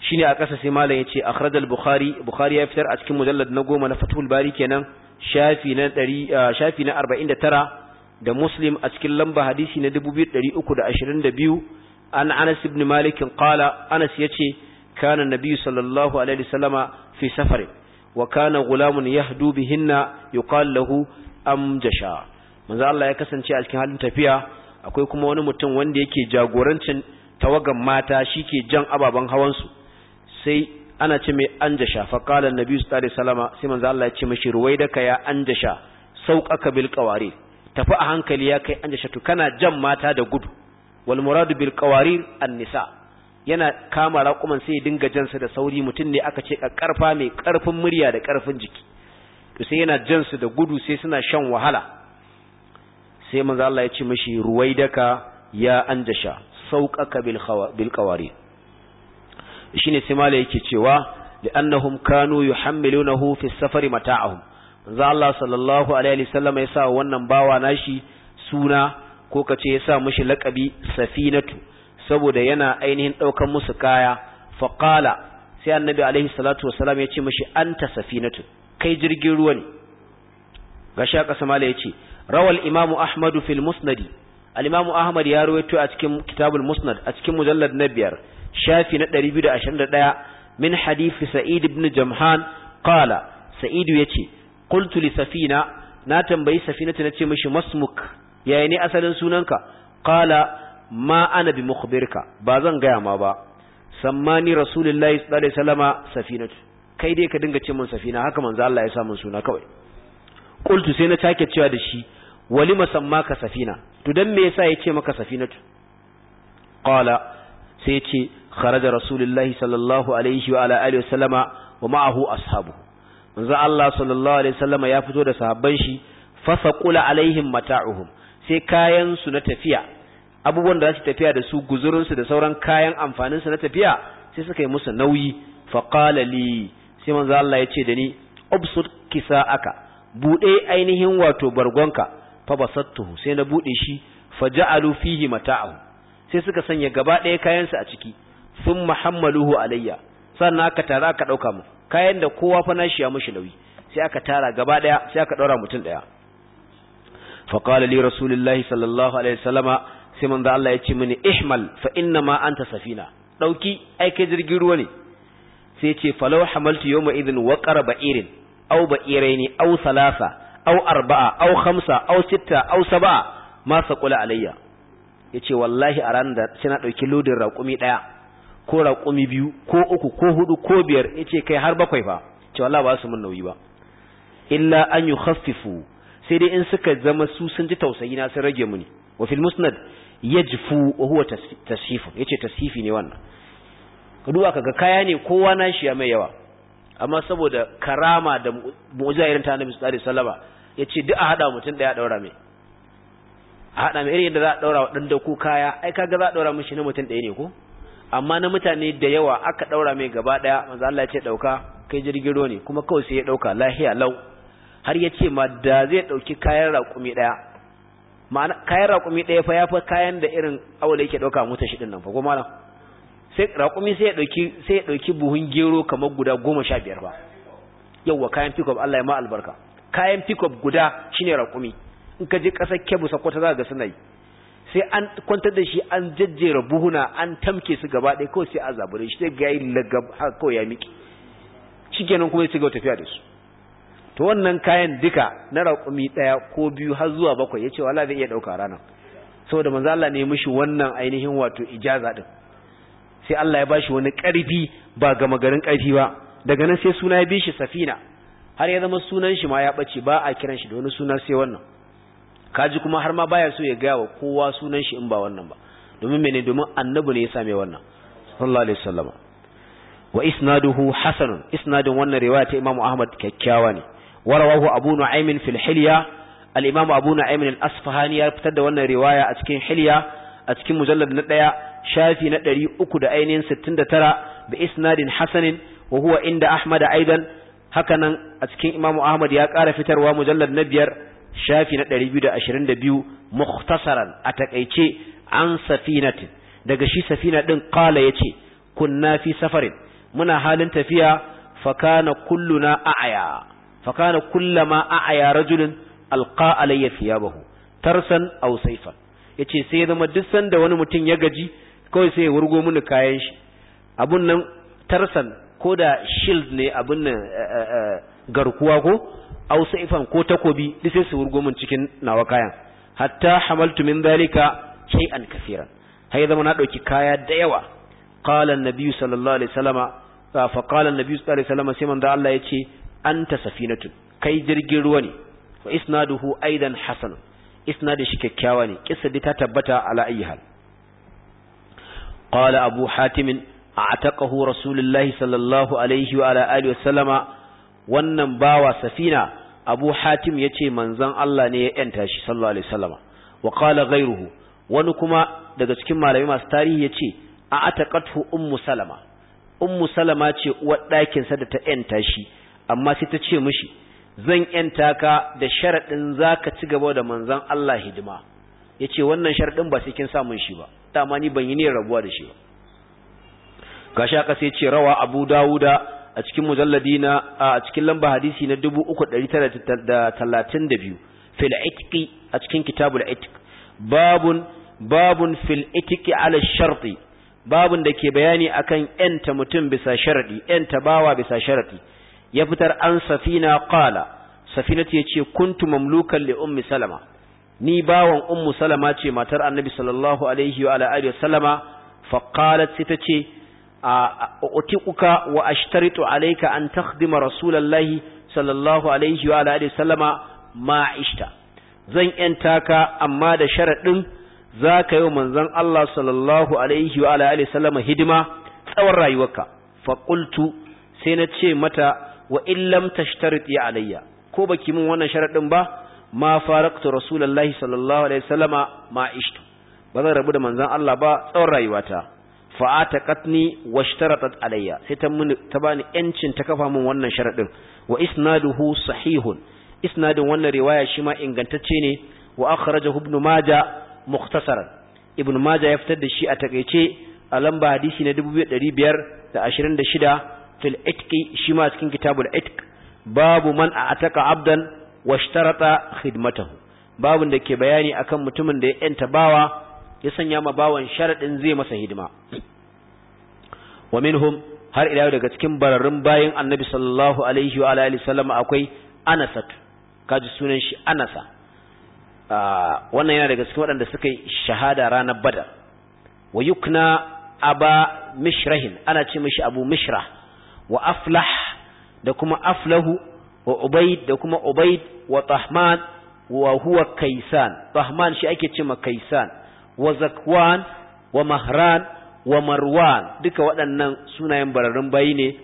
shine a ƙasa sai malam yace akhrajal bukhari bukhari ya fitar a cikin mujallad na goma na fathul bari kenan shafi na 100 shafi na 49 da muslim a cikin lamba hadisi na 2322 an anas ibn malik qala anas yace kana nabi sallallahu alaihi wasallama fi safarin wa kana gulamun yahdu bihinna yuqal lahu amjasha manzo Allah ya kasance a cikin halin tafiya akwai kuma wani mutum wanda yake jagorancin tawagan mata shike jan ababan hawansu sai ana ce mai anjasha fa qala annabi sallallahu alaihi sai manzo Allah ya ce da ka ya anjasha sauƙaka bil qawari tafi a hankali ya kai anjasha to kana jan mata da gudu wal muradu bil an nisa yana kama raƙuman sai ya dinga jansa da sauri mutum ne aka ce ƙarfa mai ƙarfin murya da ƙarfin jiki to sai yana jansu da gudu sai suna shan wahala sai manzo Allah ya ce da ruwaidaka ya anjasha sauƙaka bil qawari shine sai mala yake cewa li'annahum kanu na fi safari mata'ahum manzo Allah sallallahu alaihi wasallam yasa wannan bawa nashi suna ko kace yasa mashi lakabi safinatu saboda yana ainihin ɗaukan musu kaya faqala sai annabi alaihi salatu wasallam ya ce mishi anta safinatu kai jirgin ruwa ne gashi aka sama la yace rawal imamu ahmadu fil musnadi al imamu ahmad ya rawaito a cikin kitabul musnad a cikin mujallad na biyar shafi na ɗari biyu 221 min hadith sa'id ibn jamhan qala Sa'idu ya ce li safina na tambayi safinatu na ce mishi masmuk yayi ne asalin sunanka qala ma ana bi mukhbirka ba zan gaya ma ba sammani rasulullahi sallallahu alaihi wasallama safinatu kai dai ka dinga ce min safina haka manzo Allah ya sa suna kawai qultu sai na cake cewa da shi walima sammaka safina to dan me yasa ya ce maka safinatu qala sai yace kharaja rasulullahi sallallahu alaihi wa ala wa ma'ahu ashabu manzo Allah sallallahu alaihi wasallama ya fito da sahabban shi fasaqula alaihim mata'uhum sai kayan su na tafiya abubuwan da za su tafiya da su guzurin su da sauran kayan amfanin su na tafiya sai suka yi musu nauyi faqala li sai manzo Allah ya ce da ni ubsut kisa'aka bude ainihin wato bargonka fa basattuhu sai na bude shi faja'alu fihi mata'ahu sai suka sanya gaba ɗaya kayansu a ciki sun muhammaluhu alayya sannan aka tara aka ɗauka mu kayan da kowa fa nashi ya mushi nauyi sai aka tara gaba ɗaya sai aka ɗaura mutum ɗaya qala li rasulillahi sallallahu alaihi wasallama sai manzo Allah ya ce mini ihmal fa inna ma anta safina dauki ai kai jirgin ruwa ne sai ce falau hamaltu yawma idhin wa qaraba irin aw ba'iraini aw salasa aw arba'a aw khamsa aw sitta aw sab'a ma saqula alayya yace wallahi a ran da sai na dauki lodin raƙumi daya ko raƙumi biyu ko uku ko hudu ko biyar yace kai har bakwai fa ce wallahi ba su mun nauyi ba illa an yukhaffifu sai dai in suka zama su sun ji tausayi na sun rage muni wa fil musnad yajfu wa huwa tashifu yace tashifi ne wannan duba kaga kaya ne kowa na shi ya mai yawa amma saboda karama da mu'jiza irin ta Annabi sallallahu alaihi wasallam yace duk a hada mutum daya daura mai a hada mai irin yadda za a daura wa dan dako kaya ai kaga za a daura mishi na mutum daya ne ko amma na mutane da yawa aka daura mai gaba daya manzo Allah ya ce dauka kai jirgin ruwa ne kuma kawai sai ya dauka lahiya lau har ya ce ma da zai dauki kayan raƙumi daya ma'ana kayan raƙumi daya fa ya fa kayan da irin awale yake dauka mota shi din nan fa ko malam sai raƙumi sai ya dauki sai ya dauki buhun gero kamar guda 15 ba yawwa kayan pickup Allah ya ma albarka kayan pickup guda shine raƙumi in ka je kasar Kebbi Sokoto za ka ga suna yi sai an kwantar da shi an jajjera buhuna an tamke su gaba ɗaya kawai sai a zabure shi sai gayi lagab haka kawai ya miƙe kenan kuma sai ga tafiya da su to wannan kayan duka na raƙumi ɗaya ko biyu har zuwa bakwai ya ce wala zai iya ɗauka ranar saboda manzo Allah ne mishi wannan ainihin wato ijaza din sai Allah ya bashi wani ƙarfi ba gama garin ƙarfi ba daga nan sai suna ya bi shi safina har ya zama sunan shi ma ya ɓace ba a kiran shi da wani suna sai wannan kaji kuma har ma baya so ya gaya wa kowa sunan shi in ba wannan ba domin mene domin annabi ne ya same wannan sallallahu alaihi wasallam wa isnaduhu hasanun isnadin wannan riwaya ta imamu ahmad kyakkyawa ne warawahu abu nu'aym fil hilya al imamu abu nu'aym al asfahani ya fitar da wannan riwaya a cikin hilya a cikin mujallad na daya shafi na 300 da ainihin 69 bi isnadin hasanin wa huwa inda ahmad aidan hakanan a cikin imamu ahmad ya ƙara fitarwa mujallad na biyar shafi na 222 mukhtasaran a takaice an safinatin daga shi safina din ya ce kunna fi safarin muna halin tafiya fakana kulluna a'aya fakana kullama a'aya rajulin alqa alayya thiyabahu tarsan aw sayfan yace sai zama duk sanda wani mutum ya gaji kawai sai ya wurgo mini kayan shi abun nan tarsan ko da shield ne abun nan eh, eh, eh, garkuwa ko Ausaifan ko takobi duk sai su wurgo min cikin nawa kayan hatta hamaltu min dalika shay'an kaseeran hay zama na dauki kaya da yawa qala an-nabi sallallahu alaihi wasallama fa qala an-nabi sallallahu alaihi wasallama sai manzo Allah yace anta safinatun kai jirgin ruwa ne fa isnaduhu aidan hasan isnadu shi kyakkyawa ne kissa ta tabbata ala ayi hal qala abu hatim a'taqahu rasulullahi sallallahu alaihi wa ala alihi wasallama wannan bawa safina abu hatim ya ce manzan Allah ne ya ‘yanta shi sallallahu alaihi wasallama wa ƙala gairuhu wani kuma daga cikin malami masu tarihi ya ce a ata ummu salama ummu salama ce uwar ɗakinsa da ta ‘yanta shi amma sai ta ce mishi zan ‘yanta ka da sharaɗin zaka ci gaba da manzan Allah hidima yace wannan sharaɗin ba sai kin samun shi ba dama ni ban yi ne rabuwa da shi ba gashi aka sai ce rawa abu dawuda a cikin mujalladi na a cikin lamba hadisi na 3932 fil itqi a cikin kitabul itq babun babun fil itqi ala sharti babun da ke bayani akan yanta mutum bisa sharadi yanta bawa bisa sharadi ya fitar an safina qala safinatu yace kuntu mamlukan li ummi salama ni bawan ummu salama ce matar annabi sallallahu alaihi wa alihi wa sallama fa qalat sai ta ce utiquka wa ashtaritu alayka an takdima rasulullahi sallallahu alaihi wa alihi sallama ma ishta zan yanta ka amma da sharadin zaka yi manzon Allah sallallahu alaihi wa alihi sallama hidima tsawon rayuwarka Faƙultu sai na ce mata wa in lam tashtariti alayya ko baki min wannan sharaɗin ba ma faraqtu rasulullahi sallallahu alaihi wasallama ma ishtu bazan rabu da manzon Allah ba tsawon rayuwata fa'ataqatni washtaratat alayya sai ta ta bani yancin ta kafa mun wannan sharadin wa isnaduhu sahihun isnadin wannan riwaya shi ma ingantacce ne wa akhrajahu ibn majah mukhtasaran ibn majah ya fitar da shi a takeice a lamba hadisi na 2526 fil itqi shi ma cikin kitabul itq babu man ataka abdan washtarata khidmatahu babun da ke bayani akan mutumin da ya yanta bawa ya sanya ma bawan sharadin zai masa hidima wa minhum har ila daga cikin bararrun bayin annabi sallallahu alaihi wa alihi sallama akwai anasat kaji sunan shi anasa ah, wannan yana daga cikin waɗanda suka yi shahada ranar badar wa yukna aba mishrahin ana ce mishi abu mishra wa aflah da kuma aflahu wa ubaid da kuma ubaid wa tahman wa huwa kaisan tahman shi ake ce ma kaisan wa zakwan wa mahran wa marwan duka waɗannan sunayen bararrun bayi ne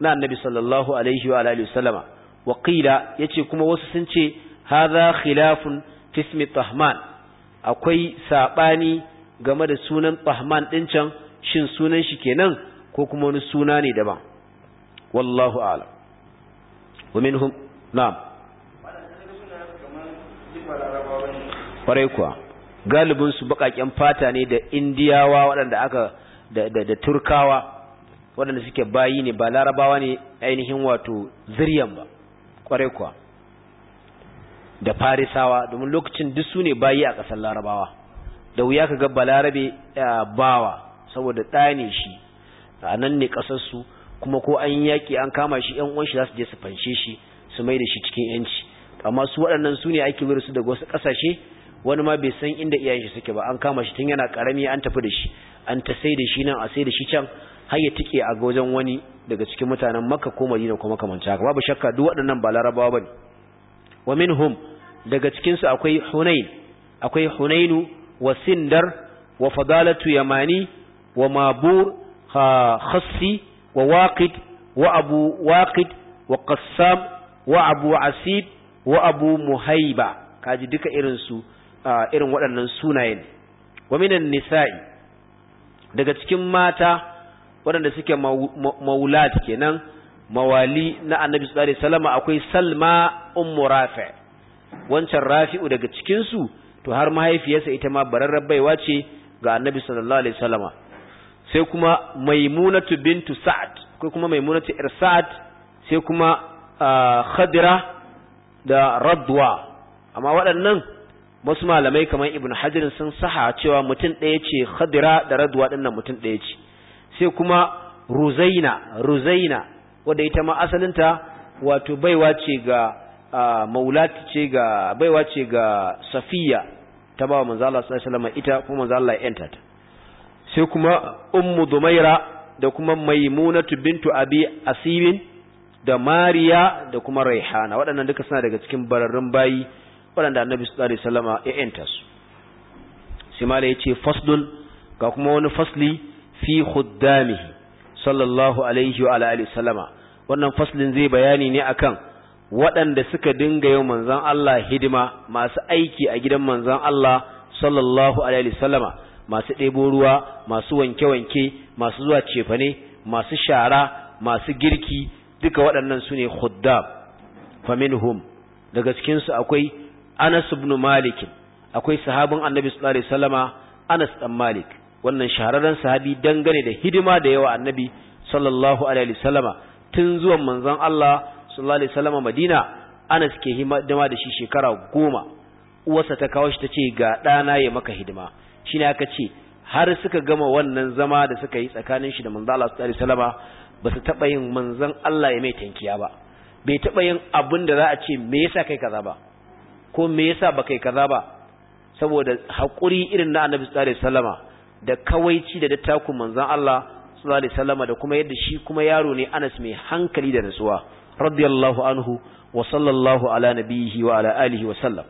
na annabi sallallahu alaihi wa alihi wasallama wa qila yace kuma wasu sun ce hadha khilafun fi ismi tahman akwai sabani game da sunan tahman din can shin sunan shi kenan ko kuma wani suna ne daban wallahu a'lam wa minhum na'am kwarai kuwa galibin su bakaken fata ne da indiyawa waɗanda aka da, turkawa waɗanda suke bayi ne ba larabawa ne ainihin wato ziryan ba kwarai kuwa da farisawa domin lokacin duk su ne bayi a ƙasar larabawa da wuya ka ga balarabe bawa saboda ɗaya shi a nan ne ƙasarsu kuma ko an yaƙi an kama shi ‘yan uwan shi za su je su fanshe shi su mai da shi cikin ‘yanci amma su waɗannan su ne ake wuri su daga wasu ƙasashe wani ma bai san inda iyayen shi suke ba an kama shi tun yana karami an tafi da shi an ta sai da shi nan a sai da shi can har ya tike a wajen wani daga cikin mutanen makka ko madina ko makamanta haka babu shakka duk waɗannan ba larabawa bane wa minhum daga cikin su akwai hunain akwai hunainu wa sindar wa fadalatu yamani wa mabur khassi wa waqid wa abu waqid wa qassam wa abu asib wa abu muhaiba kaji duka irin su irin waɗannan sunayen wa minan nisa'i daga cikin mata waɗanda suke maulat kenan mawali na annabi sallallahu alaihi akwai salma ummu rafi wancan rafi'u daga cikin su to har mahaifiyarsa ita ma bararrar baiwa ce ga annabi sallallahu alaihi wasallama sai kuma maimunatu bintu sa'ad ko kuma maimunatu ir sa'ad sai kuma khadira da radwa amma waɗannan wasu malamai kamar ibn hajar sun saha cewa mutum ɗaya ce khadira da raduwa ɗin mutum ɗaya ce sai kuma ruzaina ruzaina wadda ita ma asalinta wato baiwa ce ga maulati ce ga baiwa ce ga safiya ta ba wa manzala sallallahu ita kuma manzala ya yanta ta sai kuma ummu dumaira da kuma maimunatu bintu abi asibin da mariya da kuma raihana waɗannan duka suna daga cikin bararrun bayi waɗanda annabi su tsari salama ya yanta su sai ya yace faslun ga kuma wani fasli fi khuddamihi sallallahu alaihi wa alihi salama. wannan faslin zai bayani ne akan waɗanda suka dinga yau manzon Allah hidima masu aiki a gidan manzon Allah sallallahu alaihi salama masu ɗebo ruwa masu wanke-wanke masu zuwa cefane masu shara masu girki duka waɗannan su ne khuddam faminhum daga cikinsu akwai Anas ibn Malik akwai sahabin Annabi sallallahu alaihi wasallama Anas dan Malik wannan shahararren sahabi dangane da hidima da yawa Annabi sallallahu alaihi wasallama tun zuwan manzon Allah sallallahu alaihi wasallama Madina Anas ke hidima da shi shekara goma uwarsa ta kawo shi ta ce ga ɗana ya maka hidima shine aka ce har suka gama wannan zama da suka yi tsakanin shi da manzon Allah sallallahu alaihi wasallama ba su taɓa yin manzon Allah ya mai tankiya ba bai taba yin abin da za a ce me yasa kai kaza ba ko me yasa baka yi kaza ba saboda haƙuri irin na annabi sallallahu alaihi wasallama da kawaici da dattakun manzon Allah sallallahu alaihi wasallama da kuma yadda shi kuma yaro ne Anas mai hankali da nutsuwa radiyallahu anhu wa sallallahu ala nabiyhi wa ala alihi wa sallam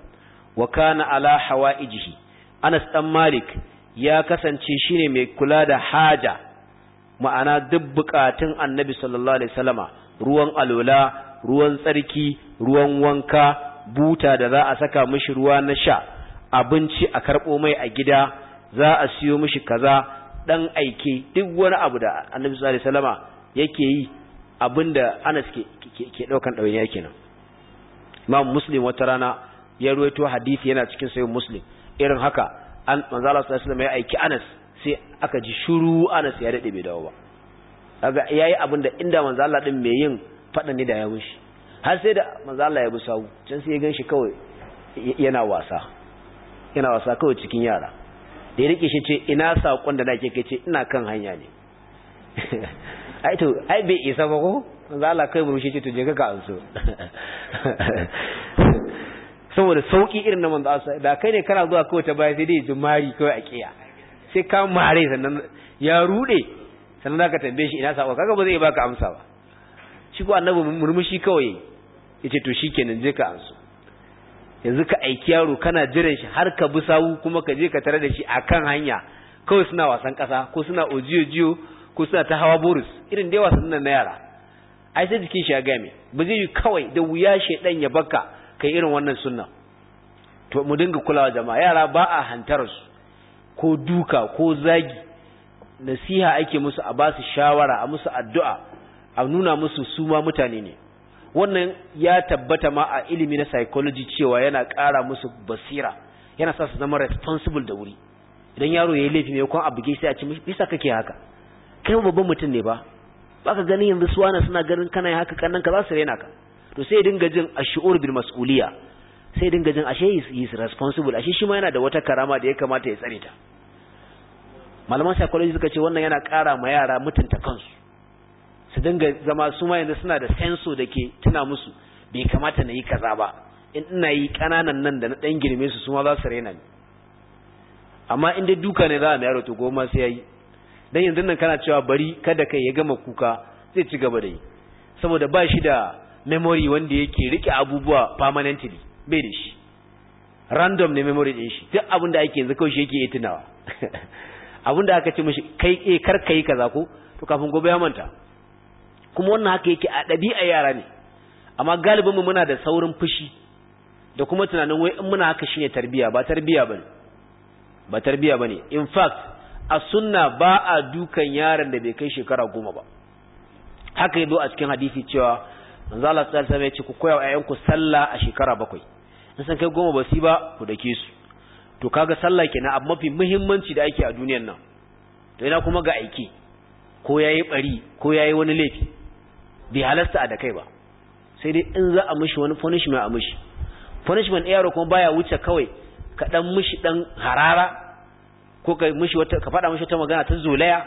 wa kana ala hawaijihi Anas dan Malik ya kasance shine mai kula da haja ma'ana duk bukatun annabi sallallahu alaihi wasallama ruwan alola ruwan tsarki ruwan wanka buta da za a saka mishi ruwa na sha abinci a karɓo mai a gida za a siyo mishi kaza ɗan aike duk wani abu da annabi sallallahu alaihi wasallam yake yi abinda Anas ke ke daukan dawainiya kenan Imam Muslim wata rana ya ruwaito hadisi yana cikin sahih Muslim irin haka an manzo Allah sallallahu alaihi wasallam ya aiki Anas sai aka ji shuru Anas ya dade bai dawo ba kaga yayi abinda inda manzo Allah din mai yin fadan ne da ya mushi har sai da manzo Allah ya bi sawu can sai ya gan shi kawai yana wasa yana wasa kawai cikin yara da ya rike shi ce ina sakon da nake kai ce ina kan hanya ne ai to ai bai isa ba ko manzo Allah kai burushi ce to je ka ka an so saboda sauki irin na manzo Allah da kai ne kana zuwa kawai ta baya sai dai jumari kawai a kiya sai ka mare sannan ya rude sannan zaka tambaye shi ina sakon kaga ba zai baka amsa ba shi ko annabi murmushi kawai yace to shikenan je ka ansu yanzu ka aiki yaro kana jiran shi har ka bi sawu kuma ka je ka tare da shi akan hanya kawai suna wasan kasa ko suna ojiyo-jiyo ko suna ta hawa boris irin dai wasan nan na yara ai sai jikin shi ya game ba zai yi kawai da wuya shedan ya baka kai irin wannan sunna to mu dinga kulawa jama'a yara ba a hantar su ko duka ko zagi nasiha ake musu a ba su shawara a musu addu'a a nuna musu su ma mutane ne wannan ya tabbata ma a ilimi na psychology cewa yana ƙara musu basira yana sa su zama responsible da wuri idan yaro ya yi laifi mai kwan abu sai a ci bisa kake haka kai babban mutum ne ba ba ka ganin yanzu suwana suna ganin kana haka kannan ka za su rena ka to sai dinga jin shi'ur bil mas'uliyya sai dinga jin ashe is responsible ashe shi ma yana da wata karama da ya kamata ya tsare ta malaman psychology suka ce wannan yana ƙara ma yara mutunta kansu su dinga zama su ma yanzu suna da senso da ke tuna musu bai kamata na yi kaza ba in ina yi ƙananan nan da na ɗan girme su su ma za su raina ni amma in dai duka ne za a yaro to goma sai yayi yi dan yanzu nan kana cewa bari kada kai ya gama kuka zai ci gaba da yi saboda ba shi da memory wanda yake rike abubuwa permanently bai da shi random ne memory din shi duk abin da ake yanzu kawai shi yake tunawa abin da aka ce mishi kai eh kar kai kaza ko to kafin gobe ya manta kuma wannan haka yake a ɗabi'a yara ne amma galibinmu muna da saurin fushi da kuma tunanin wai in muna haka shine tarbiya ba tarbiya bane ba tarbiya bane in fact a sunna ba a dukan yaron da bai kai shekara goma ba haka zo a cikin hadisi cewa manzo Allah sallallahu alaihi wasallam ya ce ku koya wa ƴaƴanku sallah a shekara bakwai in san kai goma ba su ba ku dake su to kaga sallah kenan abu mafi muhimmanci da ake a duniyar nan to ina kuma ga aiki ko yayi bari ko yayi wani laifi bai halasta a da kai ba sai dai in za a mishi wani punishment a mishi punishment yaro kuma baya wuce kawai ka dan mishi dan harara ko ka mishi wata ka faɗa mishi ta magana ta zulaya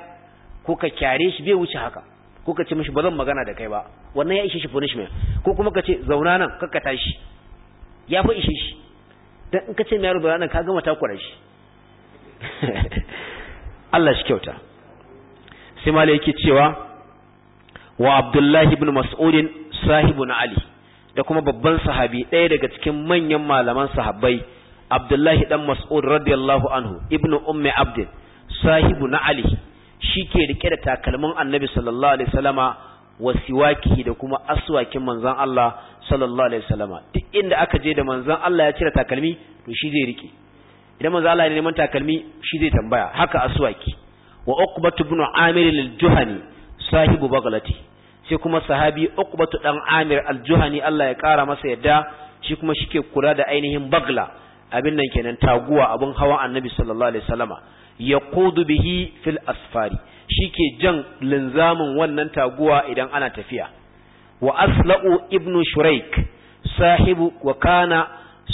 ko ka kyare shi bai wuce haka ko ka ce mishi ba zan magana da kai ba wannan ya ishe shi punishment ko kuma ka ce zauna nan ka tashi ya fa ishe shi dan in ka ce mai yaro ba nan ka gama takura shi Allah shi kyauta sai malai yake cewa wa abdullahi ibn mas'udin sahibu na ali da kuma babban sahabi ɗaya daga cikin manyan malaman sahabbai abdullahi dan mas'ud radiyallahu anhu ibn ummi abdin sahibu na ali shi ke rike da takalmin annabi sallallahu alaihi wasallama wa siwaki da kuma aswakin manzan Allah sallallahu alaihi wasallama duk inda aka je da manzan Allah ya cire takalmi to shi zai rike idan manzan Allah ya neman takalmi shi zai tambaya haka aswaki wa uqbatu ibn amir al-juhani sahibu bagalati sai kuma sahabi uqbatu dan amir al-juhani Allah ya kara masa yadda shi kuma shike kula da ainihin bagla abin nan kenan taguwa abin hawa annabi sallallahu alaihi wasallama yaqudu bihi fil asfari shike jan linzamin wannan taguwa idan ana tafiya wa asla'u ibnu shuraik sahibu wa kana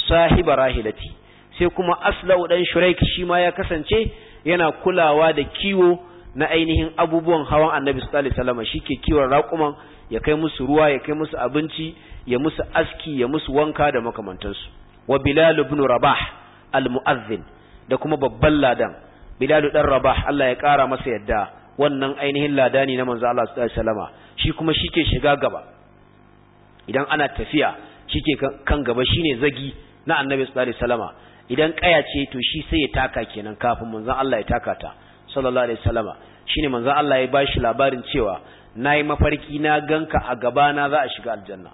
sahiba rahilati sai kuma asla'u dan shuraik shi ma ya kasance yana kulawa da kiwo na ainihin abubuwan hawan annabi sallallahu alaihi wasallam shike kiwon raƙuman ya kai musu ruwa ya kai musu abinci ya musu aski ya musu wanka da makamantansu wa bilal ibn rabah al muazzin da kuma babban ladan bilal dan rabah Allah ya kara masa yadda wannan ainihin ladani na manzo Allah sallallahu alaihi wasallam shi kuma shike shiga gaba idan ana tafiya shike kan gaba shine zagi na annabi sallallahu alaihi wasallam idan kaya ce to shi sai ya taka kenan kafin manzo Allah ya taka ta sallallahu alaihi wasallama shine manzo Allah ya bashi labarin cewa nayi mafarki na ganka a gaba na za a shiga aljanna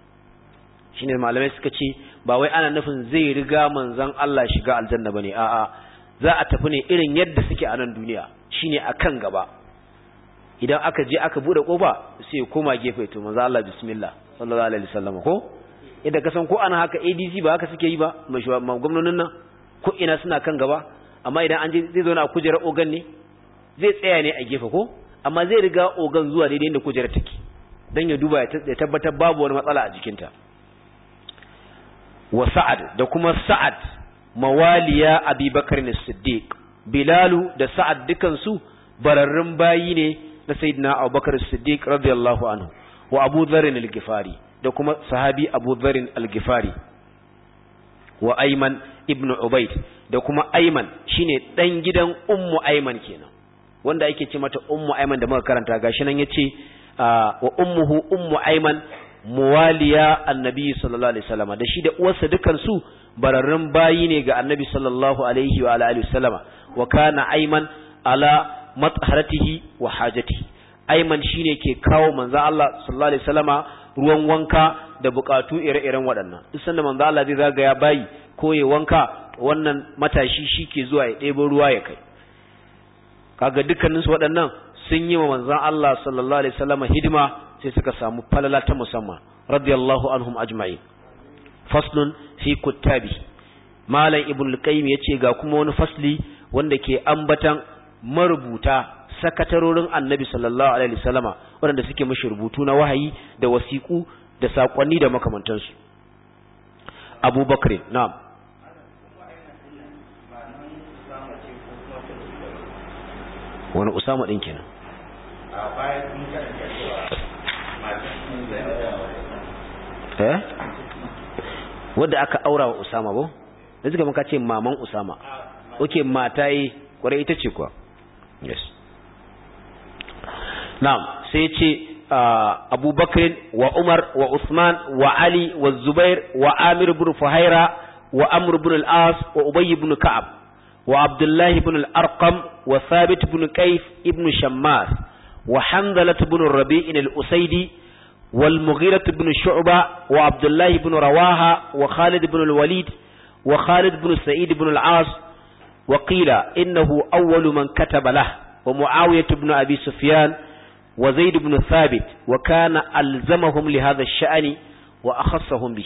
shine malamai suka ce ba wai ana nufin zai riga manzon Allah shiga aljanna bane a'a za a tafi ne irin yadda suke a nan duniya shine akan gaba idan aka je aka bude kofa sai koma gefe to manzo Allah bismillah sallallahu alaihi wasallama ko idan ka san ko ana haka ADC ba haka suke yi ba gwamnatin nan ko ina suna kan gaba amma idan an je zai zauna na kujerar ogan ne zai tsaya ne a gefe ko amma zai riga ogan zuwa daidai inda kujerar take dan ya duba ya tabbatar babu wani matsala a jikinta wa sa'ad da kuma sa'ad mawaliya abubakar ne siddiq bilalu da sa'ad dukansu bararrun bayi ne na sayyidina abubakar siddiq radiyallahu anhu wa abu dharrin al-gifari da kuma sahabi abu al-gifari wa ayman ibnu ubayd da kuma ayman shine dan gidan ummu ayman kenan wanda yake ce mata ummu aiman da muka karanta gashi nan yace ah, wa ummuhu ummu aiman muwaliya annabi sallallahu alaihi wasallama da shi da uwarsa dukan su bararrun bayi ne ga annabi sallallahu alaihi wa alihi wasallama wa kana aiman ala matharatihi wa hajatihi aiman shine ke kawo manzo Allah sallallahu alaihi wasallama ruwan wanka da bukatu ire-iren waɗannan isan da manzo Allah zai zagaya bayi ko ya wanka wannan matashi shi ke zuwa ya ɗebo ruwa ya kai kaga dukkanin su waɗannan sun yi wa manzon Allah sallallahu alaihi wasallam hidima sai suka samu falala ta musamman radiyallahu anhum ajma'in faslun fi kuttabi malam ibn al-qayyim yace ga kuma wani fasli wanda ke ambatan marubuta sakatarorin annabi sallallahu alaihi wasallama waɗanda suke mashi rubutu na wahayi da wasiku da saƙonni da makamantansu abubakar na'am wani usama din kenan eh wadda aka aura wa usama ba da suka maka ce maman usama oke mata yi kwarai ita ce kuwa yes na'am sai ce abubakar wa umar wa usman wa ali wa zubair wa amir bin fuhaira wa amr bin al-as wa ubay bin ka'ab وعبد الله بن الأرقم وثابت بن كيف ابن شماس وحنظلة بن الربيع الأسيدي والمغيرة بن شعبة وعبد الله بن رواها وخالد بن الوليد وخالد بن سعيد بن العاص وقيل إنه أول من كتب له ومعاوية بن أبي سفيان وزيد بن ثابت وكان ألزمهم لهذا الشأن وأخصهم به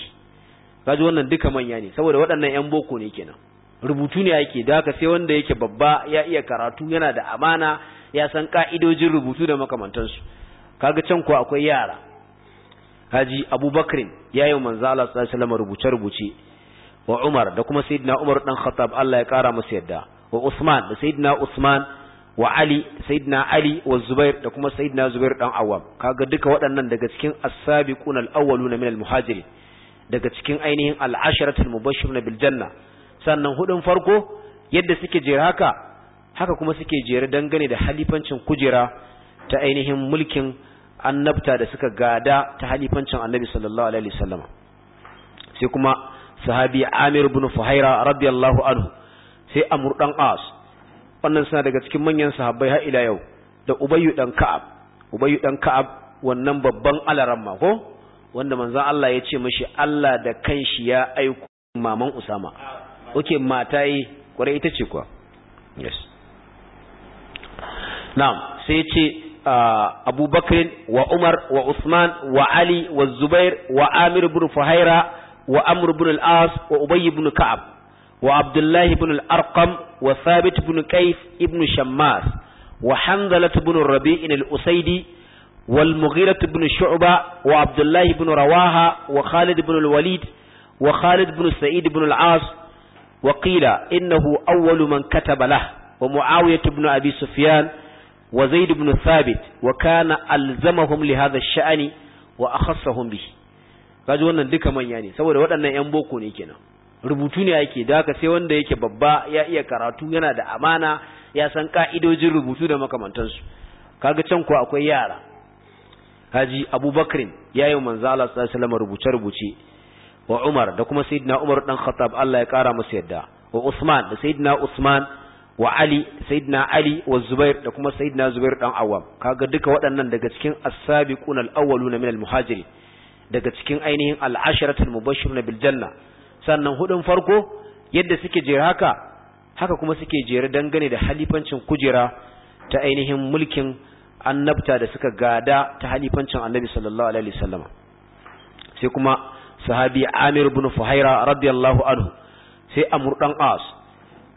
kaji wannan duka manya ne saboda waɗannan 'yan boko ne kenan rubutu ne yake da haka sai wanda yake babba ya iya karatu yana da amana ya san ka'idojin rubutu da makamantansu kaga can ko akwai yara haji abubakrin ya yi manzo Allah sallallahu alaihi rubuce rubuce wa umar da kuma sayyidina umar dan khattab Allah ya kara masa yadda wa usman da sayyidina usman wa ali sayyidina ali wa zubair da kuma sayyidina zubair dan awwam kaga duka waɗannan daga cikin as sabiqunal awwaluna min al-muhajirin daga cikin ainihin al-asharatul mubashshiruna bil janna sannan hudun farko yadda suke jera haka haka kuma suke jera dangane da halifancin kujera ta ainihin mulkin annabta da suka gada ta halifancin annabi sallallahu alaihi wasallam sai kuma sahabi Amir ibn Fuhaira radiyallahu anhu sai Amr dan As wannan suna daga cikin manyan sahabbai har ila yau da Ubayyu dan Ka'ab Ubayy dan Ka'ab wannan babban alaramma ko wanda manzon Allah ya ce mishi Allah da kanshi ya aiko maman Usama oke mata yi kwarai ita ce kuwa yes na'am sai ce Abu wa Umar wa Usman wa Ali wa Zubair wa Amir ibn Fuhaira wa Amr ibn al-As wa Ubay ibn Ka'ab wa Abdullah ibn al-Arqam wa Thabit ibn Qais ibn Shammas wa Hanzalah ibn Rabi' al-Usaidi والمغيرة بن شعبة وعبد الله بن رواها وخالد بن الوليد وخالد بن سعيد بن العاص وقيل إنه أول من كتب له ومعاوية بن أبي سفيان وزيد بن ثابت وكان ألزمهم لهذا الشأن وأخصهم به kaji wannan duka manya ne saboda waɗannan ƴan boko ne kenan rubutu ne yake da haka sai wanda yake babba ya iya karatu yana da amana ya san ka'idojin rubutu da makamantansu kaga can ko akwai yara haji abubakrin yayin manzo Allah sallallahu alaihi wasallam rubuce rubuce wa Umar da kuma sayyidina Umar dan Khattab Allah ya kara musu yadda wa Usman da sayyidina Usman wa Ali sayyidina Ali wa Zubair da kuma sayyidina Zubair dan awam kaga duka waɗannan daga cikin as-sabiquna al-awwaluna min al-muhajirin daga cikin ainihin al-asharatul mubashshiruna bil janna sannan hudun farko yadda suke jera haka haka kuma suke jera dangane da halifancin kujera ta ainihin mulkin annabta da suka gada ta halifancin annabi sallallahu alaihi wasallam sai kuma sahabi Amir ibn Fuhaira radiyallahu anhu sai Amr dan As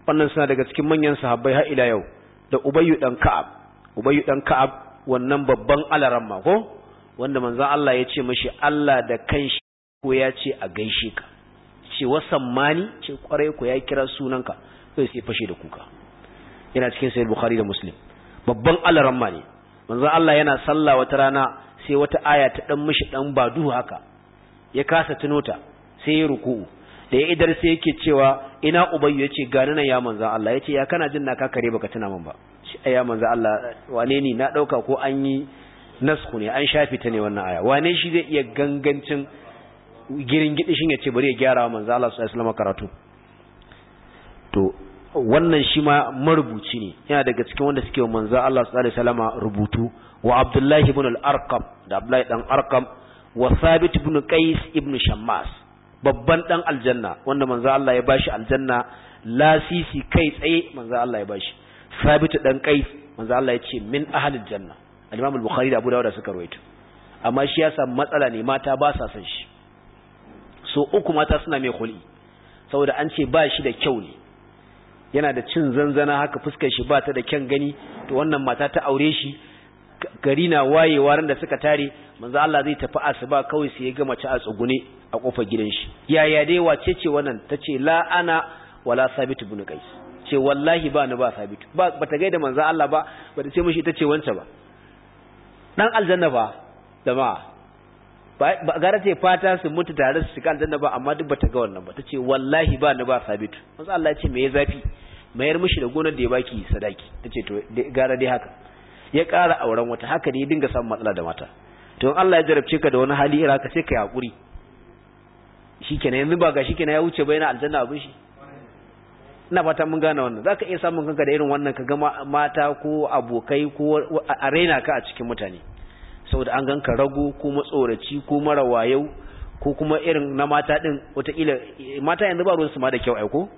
wannan suna daga cikin manyan sahabbai har ila yau da Ubayyu dan Ka'ab Ubayyu dan Ka'ab wannan babban ma ko wanda manzon Allah ya ce mishi Allah da kanshi ko ya ce a gaishe ka ce wasammani ce kwarai ko ya kira sunanka sai sai fashe da kuka yana cikin sahih Bukhari da Muslim babban ma ne manzon Allah yana sallah wata rana sai wata aya ta dan mishi dan badu haka ya kasa tuno ta sai ya ruku'u da ya idar sai yake cewa ina ubayyu yace ga nan ya manzan Allah yace ya kana jin na ka kare baka tuna min ba shi ya manzan Allah wane ne na dauka ko an yi nasku ne an shafi ta ne wannan aya wane shi zai iya gangancin girin gidi shin yace bari ya gyara wa manzan Allah sallallahu alaihi wasallam karatu to wannan shi ma marubuci ne yana daga cikin wanda suke wa manzon Allah sallallahu alaihi wasallam rubutu wa Abdullahi ibn al-Arqam da Abdullahi dan Arqam wa Sabit ibn Qais ibn Shammas babban dan aljanna wanda manzo Allah ya bashi aljanna lasisi kai tsaye manzo Allah ya bashi Sabit dan Qais manzo Allah ya ce min ahlil janna al-Imam al-Bukhari da Abu Dawud suka rawaito amma shi ya samu matsala ne mata ba sa son shi so uku mata suna mai khuli saboda an ce ba shi da kyau ne yana da cin zanzana haka fuskar shi ba ta da kyan gani to wannan mata ta aure shi gari na wayewa ran da suka tare manzo Allah zai tafi asuba kawai sai ya ga mace a tsugune a kofar gidan shi yaya dai wace ce wannan tace la ana wala sabit ibn qais ce wallahi ba ni ba sabit ba bata gaida manzo Allah ba bata ce mishi tace wance ba dan aljanna ba ma ba gara ce fata su mutu tare su shiga aljanna ba amma duk bata ga wannan ba tace wallahi ba ni ba sabit manzo Allah ya ce me ya zafi mayar mishi da gonar da ya baki sadaki tace to gara dai haka ya ƙara auren wata haka ne ya dinga samun matsala da mata to Allah ya jarabce ka da wani hali ira ka sai ka hakuri shikenan yanzu ba ga shikenan ya wuce bai na aljanna abin shi ina fata mun gane wannan zaka iya samun kanka da irin wannan ka ga mata ko abokai ko a raina ka a cikin mutane saboda an ganka rago ko matsoraci ko mara wayau ko kuma irin na mata din wataƙila mata yanzu ba ruwansu ma da kyau aiko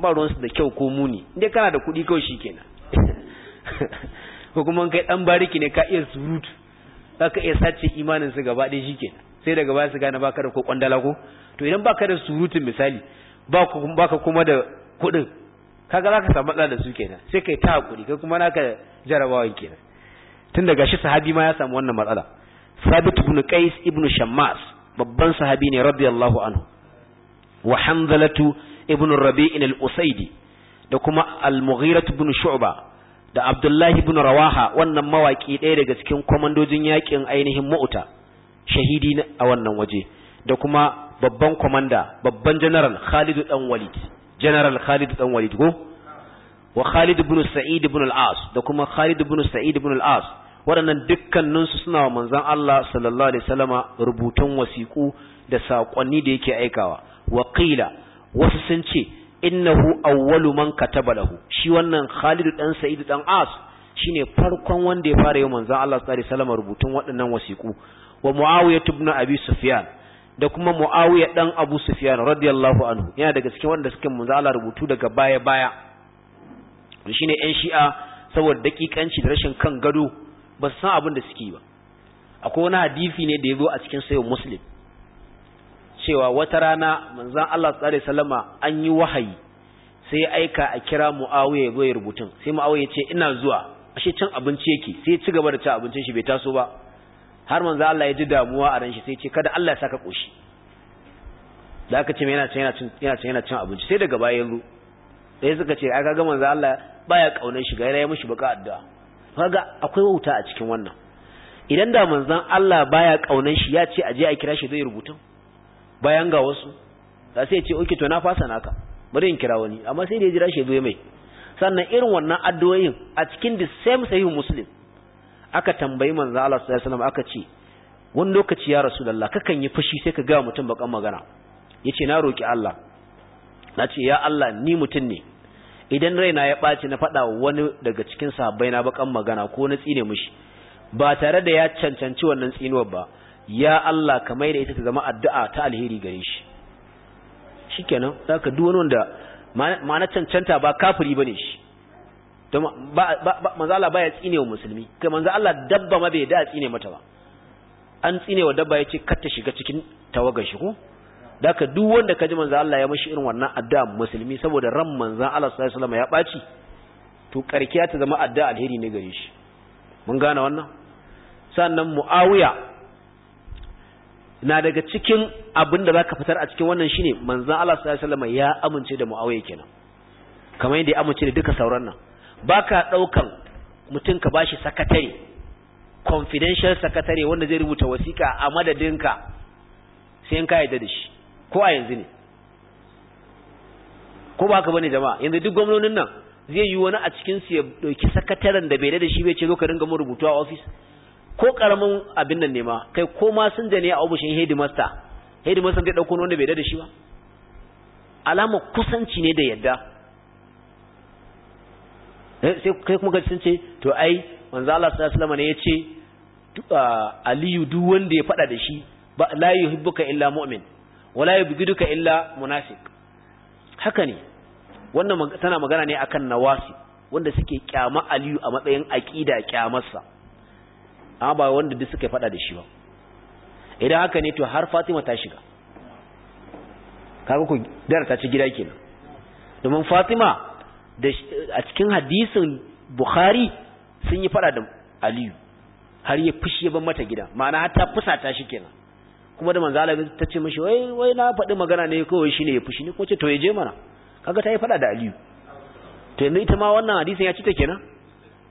ba ruwansu da kyau ko muni inda kana da kuɗi kawai shikenan ko kuma kai dan bariki ne ka iya surutu zaka iya sace imanin su gaba ɗaya shike sai daga baya su gane baka da ko kwandala ko to idan baka da surutu misali baka kuma da kuɗin kaga zaka samu matsala da su kenan sai kai ta hakuri kai kuma naka jarabawan kenan tun daga shi sahabi ma ya samu wannan matsala sabit ibn qais ibn shammas babban sahabi ne radiyallahu anhu wa hanzalatu ibn rabi'in al-usaidi da kuma al-mughirah ibn shu'ba da Abdullahi ibn Rawaha wannan mawaki ɗaya daga cikin kwamandojin yaƙin ainihin Mu'ta shahidi a wannan waje da kuma babban kwamanda babban general Khalid dan Walid general Khalid dan Walid go wa Khalid ibn Sa'id ibn al-As da kuma Khalid ibn Sa'id ibn al-As waɗannan dukkanin su suna wa manzon Allah sallallahu alaihi wasallama rubutun wasiku da saƙonni da yake aikawa wa qila wasu sun ce innahu awwalu man kataba lahu shi wannan Khalid dan Sa'id dan As shine farkon wanda ya fara yi manzon Allah sallallahu alaihi wasallam rubutun waɗannan wasiku wa Muawiya ibn Abi Sufyan da kuma Muawiya dan Abu Sufyan radiyallahu anhu yana daga cikin wanda suke manzon Allah rubutu daga baya baya shine ƴan Shi'a saboda dakikanci da rashin kan gado ba su san abin da suke ba akwai wani hadisi ne da ya zo a cikin sayyid Muslim cewa wata rana manzon Allah sallallahu alaihi wasallama an yi wahayi sai aika a kira Muawiya ya zo ya rubutun sai Muawiya ya ce ina zuwa ashe cin abinci yake sai ya ci gaba da cin abincin shi bai taso ba har manzon Allah ya ji damuwa a ran shi sai ya ce kada Allah ya saka koshi da aka ce yana cin yana cin yana cin yana cin abinci sai daga baya ru sai suka ce ai kaga manzon Allah baya kaunar shi yana ya mishi baka addu'a kaga akwai wauta a cikin wannan idan da manzon Allah baya kaunar shi ya ce aje a kira shi zai rubutun bayan ga wasu da sai ce oke to na fasa naka bari in kira wani amma sai da ya jira shi zo mai sannan irin wannan addu'o'in a cikin the same sahih muslim aka tambayi manzo Allah sallallahu alaihi wasallam aka ce wani lokaci ya rasulullah kakan yi fushi sai ka ga mutum bakan magana yace na roki Allah na ce ya Allah ni mutum ne idan raina ya baci na faɗa wani daga cikin sahabbai na bakan magana ko na tsine mishi ba tare da ya cancanci wannan tsinuwar ba ya Allah ka mai da ita ta zama addu'a ta alheri gare shi shikenan zaka duk wani wanda ma'ana cancanta ba kafiri ne shi to ba ya Allah baya tsinewa musulmi kai manzo Allah dabba ma bai da tsine mata ba an tsinewa dabba ya kar ta shiga cikin tawagar shi ko daka duk wanda kaji manzo Allah ya mashi irin wannan addu'a musulmi saboda ran manzo Allah sallallahu alaihi wasallam ya baci to karkiya ta zama addu'a alheri ne gare shi mun gane wannan sannan muawiya na daga cikin abin da za ka fitar a cikin wannan shine manzan Allah sallallahu alaihi wasallam ya amince da Muawiya kenan kamar yadda ya amince da duka sauran nan Ba ka ɗaukan mutum ka bashi sakatare confidential sakatare wanda zai rubuta wasiƙa a madadinka sai in ka yarda da shi ko a yanzu ne ko ba ka bane jama'a yanzu duk gwamnonin nan zai yi wani a cikin su ya ɗauki sakataren da bai da shi bai ce zo ka dinga mu rubutu a office ko karamin abin nan ne ma kai ko ma sun da ne a ofishin headmaster headmaster zai dauko wanda bai da shi ba alama kusanci ne da yadda eh, sai kai kuma ga sun ce to ai manzo Allah sallallahu alaihi wasallam ne yace ah, aliyu duk wanda ya fada da shi ba la yuhibbuka illa mu'min wala yubghiduka illa munafiq haka ne wannan tana magana ne akan nawasi wanda suke kyama aliyu a matsayin aqida kyamarsa amma ba wanda duk suka faɗa da shi ba idan haka ne to har fatima ta shiga kaga ku dara ta ci gida kenan domin fatima a cikin hadisin bukhari sun yi faɗa da aliyu har ya fushi ya ban mata gida ma'ana har ta shi kenan kuma da manzo ta ce mishi wai wai na faɗi magana ne kawai shine ya fushi ne ko ce to ya je mana kaga ta yi faɗa da Aliyu to yanzu ita ma wannan hadisin ya ci ta kenan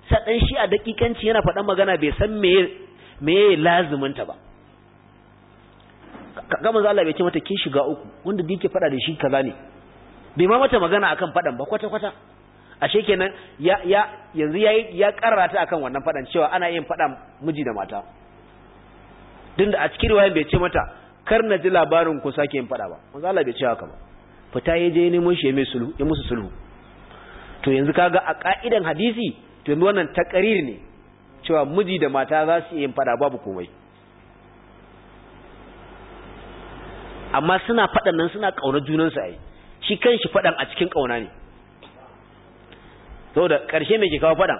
sa shi a dakikanci yana faɗan magana bai san meye meye lazimin ba ga manzo Allah bai ce mata ki shiga uku wanda da yake faɗa da shi kaza ne bai ma mata magana akan faɗan ba kwata kwata ashe kenan ya ya yanzu yayi ya karrata akan wannan faɗan cewa ana yin faɗan miji da mata da a cikin riwayan bai ce mata kar na ji labarin ku sake yin faɗa ba manzo Allah bai ce haka ba fita ya je nemo shi ya mai sulhu ya musu sulhu to yanzu kaga a ka'idan hadisi to wannan takarir ne cewa miji da mata za su yin fada babu komai amma suna fadan nan suna kaunar junansu ai shi kanshi fadan a cikin kauna ne da karshe me ke kawo fadan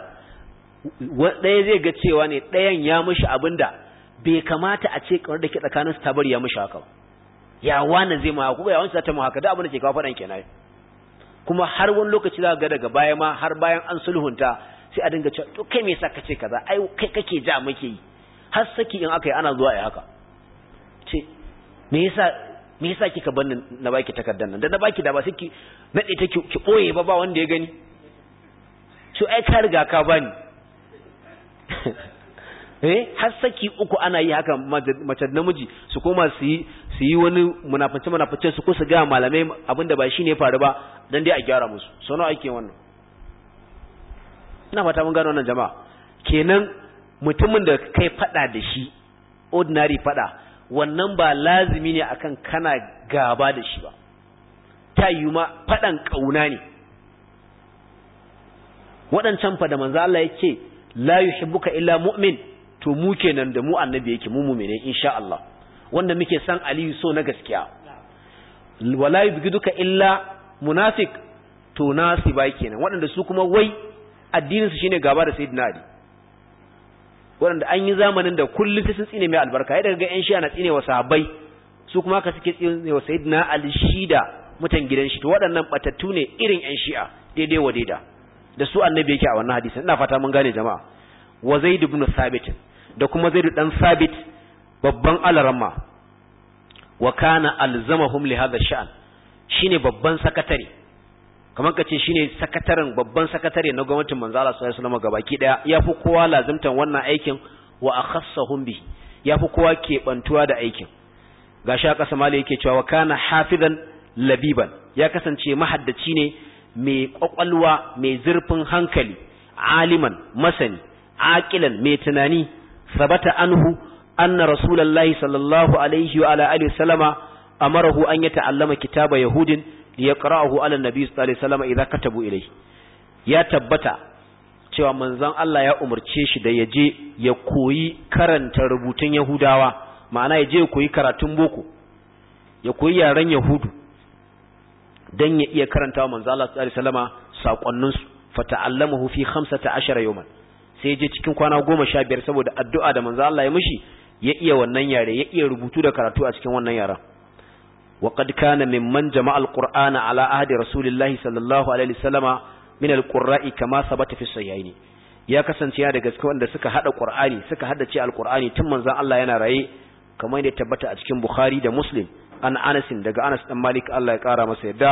ɗaya zai ga cewa ne ɗayan ya mishi abinda bai kamata a ce kaunar da ke tsakanin su ta bari ya mishi haka ya wani zai ma kuma ya wani ta mu haka da abin da ke kawo fadan kenan kuma har wani lokaci za ga daga baya ma har bayan an sulhunta sai a dinga cewa to kai me yasa kace kaza ai kai kake ja muke yi har saki in aka yi ana zuwa ai haka ce me yasa me yasa kika bar na baki takardar nan da na baki da ba sai ki nade ta ki boye ba ba wanda ya gani to ai ka riga ka bani eh har saki uku ana yi haka mace namiji su koma su yi su yi wani munafice munafice su ko su ga malamai abinda ba shine faru ba dan dai a gyara musu sono ake wannan ina fata mun gano wannan jama'a kenan mutumin da kai fada da shi ordinary fada wannan ba lazimi ne akan kana gaba da shi ba ta yi ma fadan kauna ne waɗancan fa da manzo Allah yake la yuhibbuka illa mu'min to mu kenan da mu annabi yake mu mu'mine insha Allah wanda muke san Aliyu so na gaskiya wala yubghiduka illa munafiq to nasi ba kenan waɗanda su kuma wai addinin su shine gaba da sayyidina ali waɗanda an yi zamanin da kullum sai sun tsine mai albarka ya daga yan shi'a na tsine wa sahabbai su kuma ka suke tsine wa sayyidina ali shida mutan gidan shi to waɗannan batattu ne irin yan shi'a daidai wa daida da su annabi yake a wannan hadisin ina fata mun gane jama'a wa zaid ibn sabit da kuma zaid dan sabit babban alarama wa kana alzamahum li hadha sha'an shine babban sakatare kamar ka ce shine sakataren babban sakatare na gwamnatin manzo Allah sallallahu alaihi wasallam gabaki daya yafi kowa lazimtan wannan aikin wa akhassahum bi yafi kowa kebantuwa da aikin gashi aka samali yake cewa kana hafizan labiban ya kasance mahaddaci ne mai kwakwalwa mai zurfin hankali aliman masani aqilan mai tunani sabata anhu anna rasulullahi sallallahu alaihi wa ala alihi wasallama amarahu an yata'allama kitaba yahudin liyaqra'ahu ala nabi sallallahu alaihi wasallam idza katabu ilayhi ya tabbata cewa manzon Allah ya umarce shi da yaje ya koyi karanta rubutun Yahudawa ma'ana yaje ya koyi karatun boko ya koyi yaren Yahudu dan ya iya karanta wa manzon Allah sallallahu alaihi wasallam sakonnin su ta'allamahu fi 15 yawman sai je cikin kwana 15 saboda addu'a da manzon Allah ya mishi ya iya wannan yare ya iya rubutu da karatu a cikin wannan yaren وقد كان ممن جمع القرآن على عهد رسول الله صلى الله عليه وسلم من القراء كما ثبت في الصحيحين ya kasance ya daga cikin wanda suka hada Qur'ani suka haddace Al-Qur'ani tun manzon Allah yana raye kamar yadda tabbata a cikin Bukhari da Muslim an Anas daga Anas dan Malik Allah ya kara masa yadda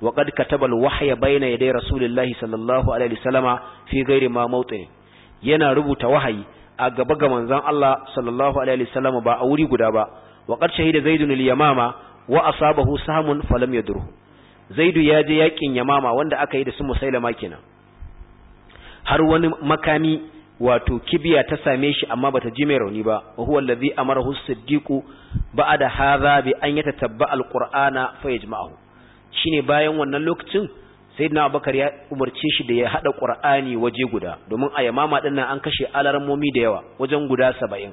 wa qad kataba al-wahya bayna yaday Rasulillahi sallallahu alaihi wasallama fi yana rubuta wahayi a gaba ga manzon Allah sallallahu alaihi wasallama ba a wuri guda ba waƙar shahida Zaidun al-Yamama wa asabahu sahmun falam yadruhu zaidu ya je yakin yamama wanda aka yi da su musailama kenan har wani makami wato kibiya ta same shi amma bata ji mai rauni ba wa huwa allazi amarahu siddiqu ba'da hadha bi an yatatabba alqur'ana fa yajma'ahu shine bayan wannan lokacin sayyidina abubakar ya umarce shi da ya hada qur'ani waje guda domin a yamama din nan an kashe alarmomi da yawa wajen guda 70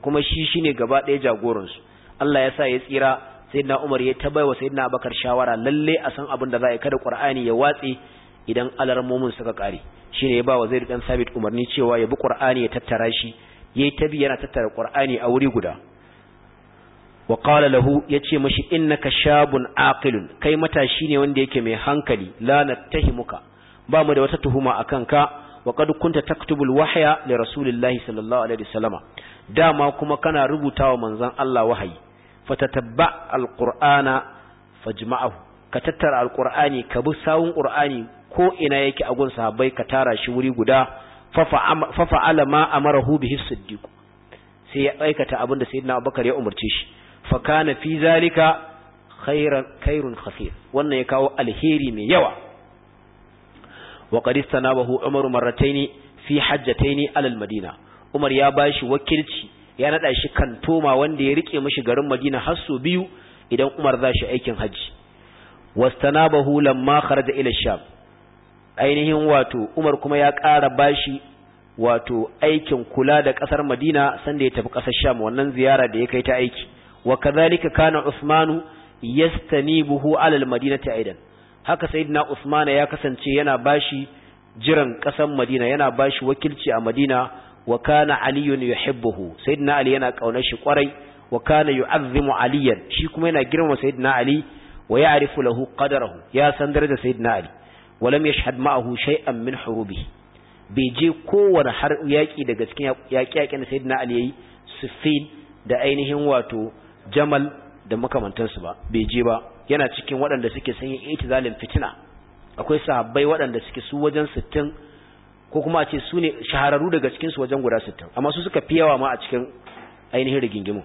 kuma shi shine gaba ɗaya jagoransu Allah ya sa ya tsira sayyidina Umar ya wa sayyidina Abubakar shawara lalle a san abin da za a kada Qur'ani ya watse idan alarmomin suka kare shine ya wa Zaid dan Sabit umarni cewa ya bi Qur'ani ya tattara shi yayi tabi yana tattara Qur'ani a wuri guda wa qala lahu yace mashi innaka shabun aqilun kai matashi ne wanda yake mai hankali la muka. ba mu da wata tuhuma akan ka wa qad kunta wahaya wahya li rasulillahi sallallahu alaihi wasallama dama kuma kana rubutawa manzon Allah wahayi fatatabba alqur'ana fajma'ahu ka tattara Alƙur'ani ka bi sawun ƙur'ani ko ina yake a gun sahabbai ka tara shi wuri guda fa fa'ala ma amarahu bihi siddiq sai ya aikata abin da sayyidina Bakar ya umarce shi fa kana fi zalika khairan khairun khafif wannan ya kawo alheri mai yawa wa na istanabahu umar marrataini fi hajjataini ala almadina umar ya bashi wakilci ya nada shi kantoma wanda ya rike mishi garin Madina har su biyu idan Umar za shi aikin haji wastanabahu lamma kharaja ila Sham ainihin wato Umar kuma ya ƙara bashi wato aikin kula da ƙasar Madina sanda ya tafi ƙasar Sham wannan ziyara da ya kai ta aiki wa kadhalika kana Uthmanu yastanibuhu ala al ta aidan haka sayyidina Uthman ya kasance yana bashi jiran ƙasar Madina yana bashi wakilci a Madina wa kana aliyun yuhibbuhu sayyidina ali yana kaunar shi kwarai wa kana yu'azzimu aliyan shi kuma yana girmama sayyidina ali wa ya'rifu lahu qadarahu ya san da sayyidina ali wa lam yashhad ma'ahu shay'an min hurubihi bai je kowane har yaƙi daga cikin yaƙi-yaƙin da sayyidina ali yayi sufin da ainihin wato jamal da makamantansu ba bai je ba yana cikin waɗanda suke sanya itizalin fitina akwai sahabbai waɗanda suke su wajen sittin ko kuma a ce su ne shahararru daga cikinsu wajen guda sittin amma su suka fi yawa ma a cikin ainihin rigingimu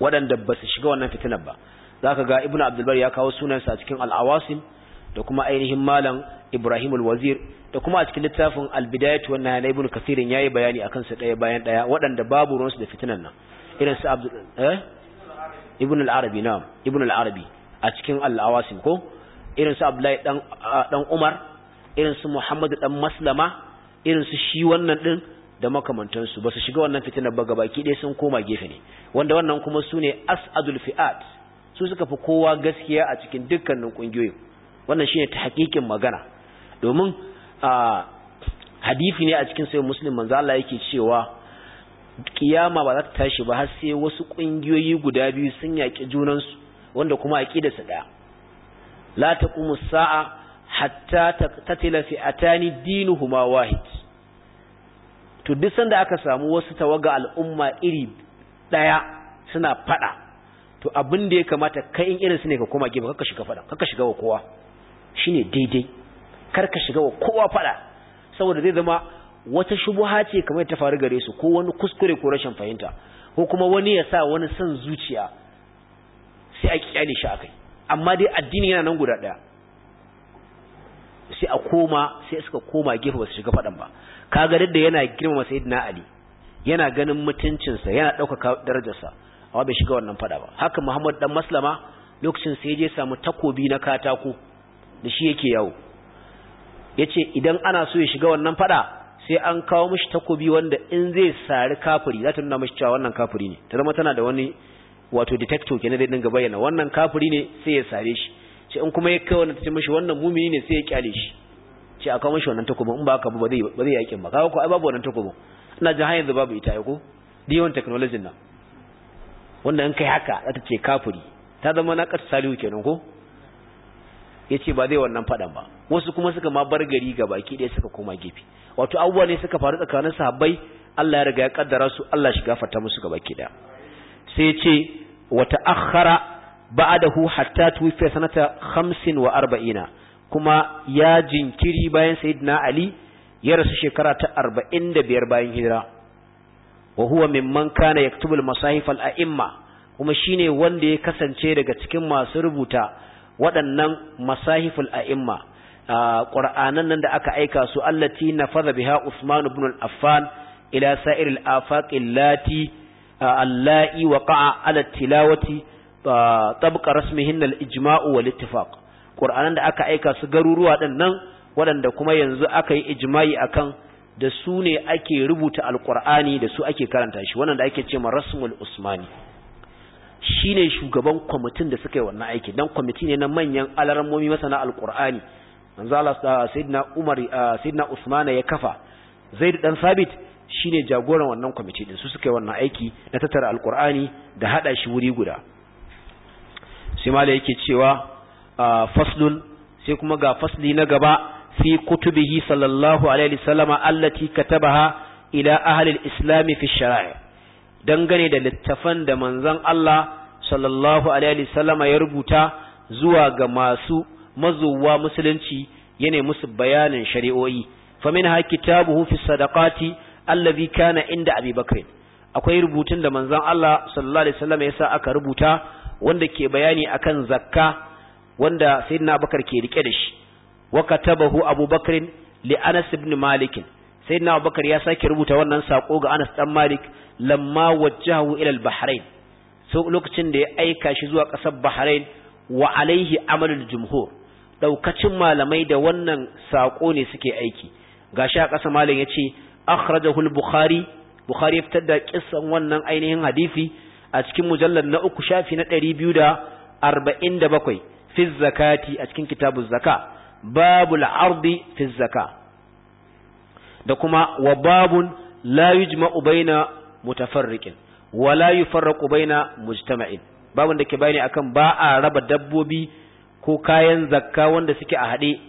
waɗanda ba su shiga wannan fitinar ba za ka ga ibnu abdulbar ya kawo sunansa a cikin Al'awasin, da kuma ainihin malam ibrahim alwazir da kuma a cikin littafin albidayatu wannan na ibnu kasirin yayi bayani akan su ɗaya bayan ɗaya waɗanda babu ruwansu da fitinan nan irin su eh? ibn al-arabi a cikin al ko irin abdullahi dan dan umar irin su Muhammadu dan Maslama irin su shi wannan din da makamantansu ba su shiga wannan fitinar ba baki ɗaya sun koma gefe ne wanda wannan kuma su ne as'adul fi'at su suka fi kowa gaskiya a cikin dukkanin ƙungiyoyin wannan shine ta hakikin magana domin a hadisi ne a cikin sayin musulun manzo Allah yake cewa kiyama ba za ta tashi ba har sai wasu ƙungiyoyi guda biyu sun yaƙi junansu wanda kuma aƙidarsu ɗaya la taqumu sa'a hatta taqtatila fi'atani dinuhuma wahid to duk sanda aka samu wasu tawaga al'umma iri daya suna fada to abin da ya kamata kai in irin su ne ka koma gefe kaka shiga fada shiga wa kowa shine daidai kar ka shiga wa kowa fada saboda zai zama wata shubuha ce kamar ta faru gare su ko wani kuskure ko rashin fahimta ko kuma wani ya sa wani son zuciya sai a kiyale shi akai amma dai addini yana nan guda daya sai a koma sai suka koma gefe ba su shiga faɗan ba kaga da yana girmama sayyidina ali yana ganin mutuncinsa yana ɗaukaka darajarsa amma bai shiga wannan faɗa ba haka muhammad dan maslama lokacin sai je samu takobi na katako da shi yake yawo yace idan ana so ya shiga wannan faɗa sai an kawo mishi takobi wanda in zai sari kafiri za ta nuna mishi cewa wannan kafiri ne ta zama tana da wani wato detector kenan da dinga bayyana wannan kafiri ne sai ya sare shi ce in kuma ya kai wannan ta ce mishi wannan mumini ne sai ya kyale shi ce a kawo mishi wannan takobin in ba ka ba zai ba zai yakin ba kawo ko ai babu wannan takobin ina jin har yanzu babu ita ko da yawan technology nan Wannan in kai haka za ta ce kafiri ta zama na ƙasa salihu kenan ko ya ce ba zai wannan faɗan ba wasu kuma suka ma bar gari ga baki ɗaya suka koma gefe wato abubuwa ne suka faru tsakanin sahabbai Allah ya riga ya kaddara su Allah shi gafarta musu ga baki ɗaya sai ya ce wata akhara. ba'adahu hatta tuwfiya sanata arba'ina kuma ya jinkiri bayan sayyidina ali ya rasu shekara ta biyar bayan hijira wa huwa mimman kana yaktubu al-masahif al-a'imma kuma shine wanda ya kasance daga cikin masu rubuta waɗannan masahiful a'imma qur'anan nan da aka aika su allati nafaza biha usman ibn al-affan ila sa'iril afaqil lati allati waqa'a ala tilawati tabqa rasmihin al-ijma'u wal ittifaq qur'anan da aka aika su garuruwa din nan waɗanda kuma yanzu aka yi ijma'i akan da su ne ake rubuta alqur'ani da su ake karanta shi wannan da ake cewa rasmul usmani shine shugaban kwamitin da suka yi wannan aiki dan kwamiti ne na manyan alarmomi masana alqur'ani yanzu Allah ah, sayyidina Umar ah, sayyidina Usman ya kafa Zaid dan Sabit shine jagoran wannan kwamiti din su suka yi wannan aiki na tattara alqur'ani da haɗa shi wuri guda sai mala yake cewa ah, faslun sai kuma ga fasli na gaba fi kutubihi sallallahu alaihi wasallama allati katabaha ila ahli islami fi shara'i dangane da littafan da manzon Allah sallallahu alaihi ya rubuta zuwa ga masu mazuwa musulunci yana musu bayanin shari'o'i faminha kitabuhu fi sadaqati allazi kana inda Abi Bakr akwai rubutun da manzon Allah sallallahu alaihi ya yasa aka rubuta wanda ke bayani akan zakka wanda sayyidina Abubakar ke rike da shi wa katabahu Abubakar li Anas ibn Malik sayyidina Abubakar ya sake rubuta wannan sako ga Anas dan Malik lamma wajjahu ila al-Bahrain so lokacin da ya aika shi zuwa kasar Bahrain wa alaihi amalul jumhur daukacin malamai da wannan sako ne suke aiki gashi a ƙasa malam yace akhrajahu al-Bukhari Bukhari ya fitar da kissan wannan ainihin hadisi a cikin mujallar na uku shafi na ɗari biyu da arba'in da bakwai fi zakati a cikin kitabun zaka babu la'ardi fi da kuma wa babun layu jima'u baina mutafarrikin wa layu yufarraqu baina mujtama'in babun da ke bayani akan ba a raba dabbobi ko kayan zakka wanda suke a haɗe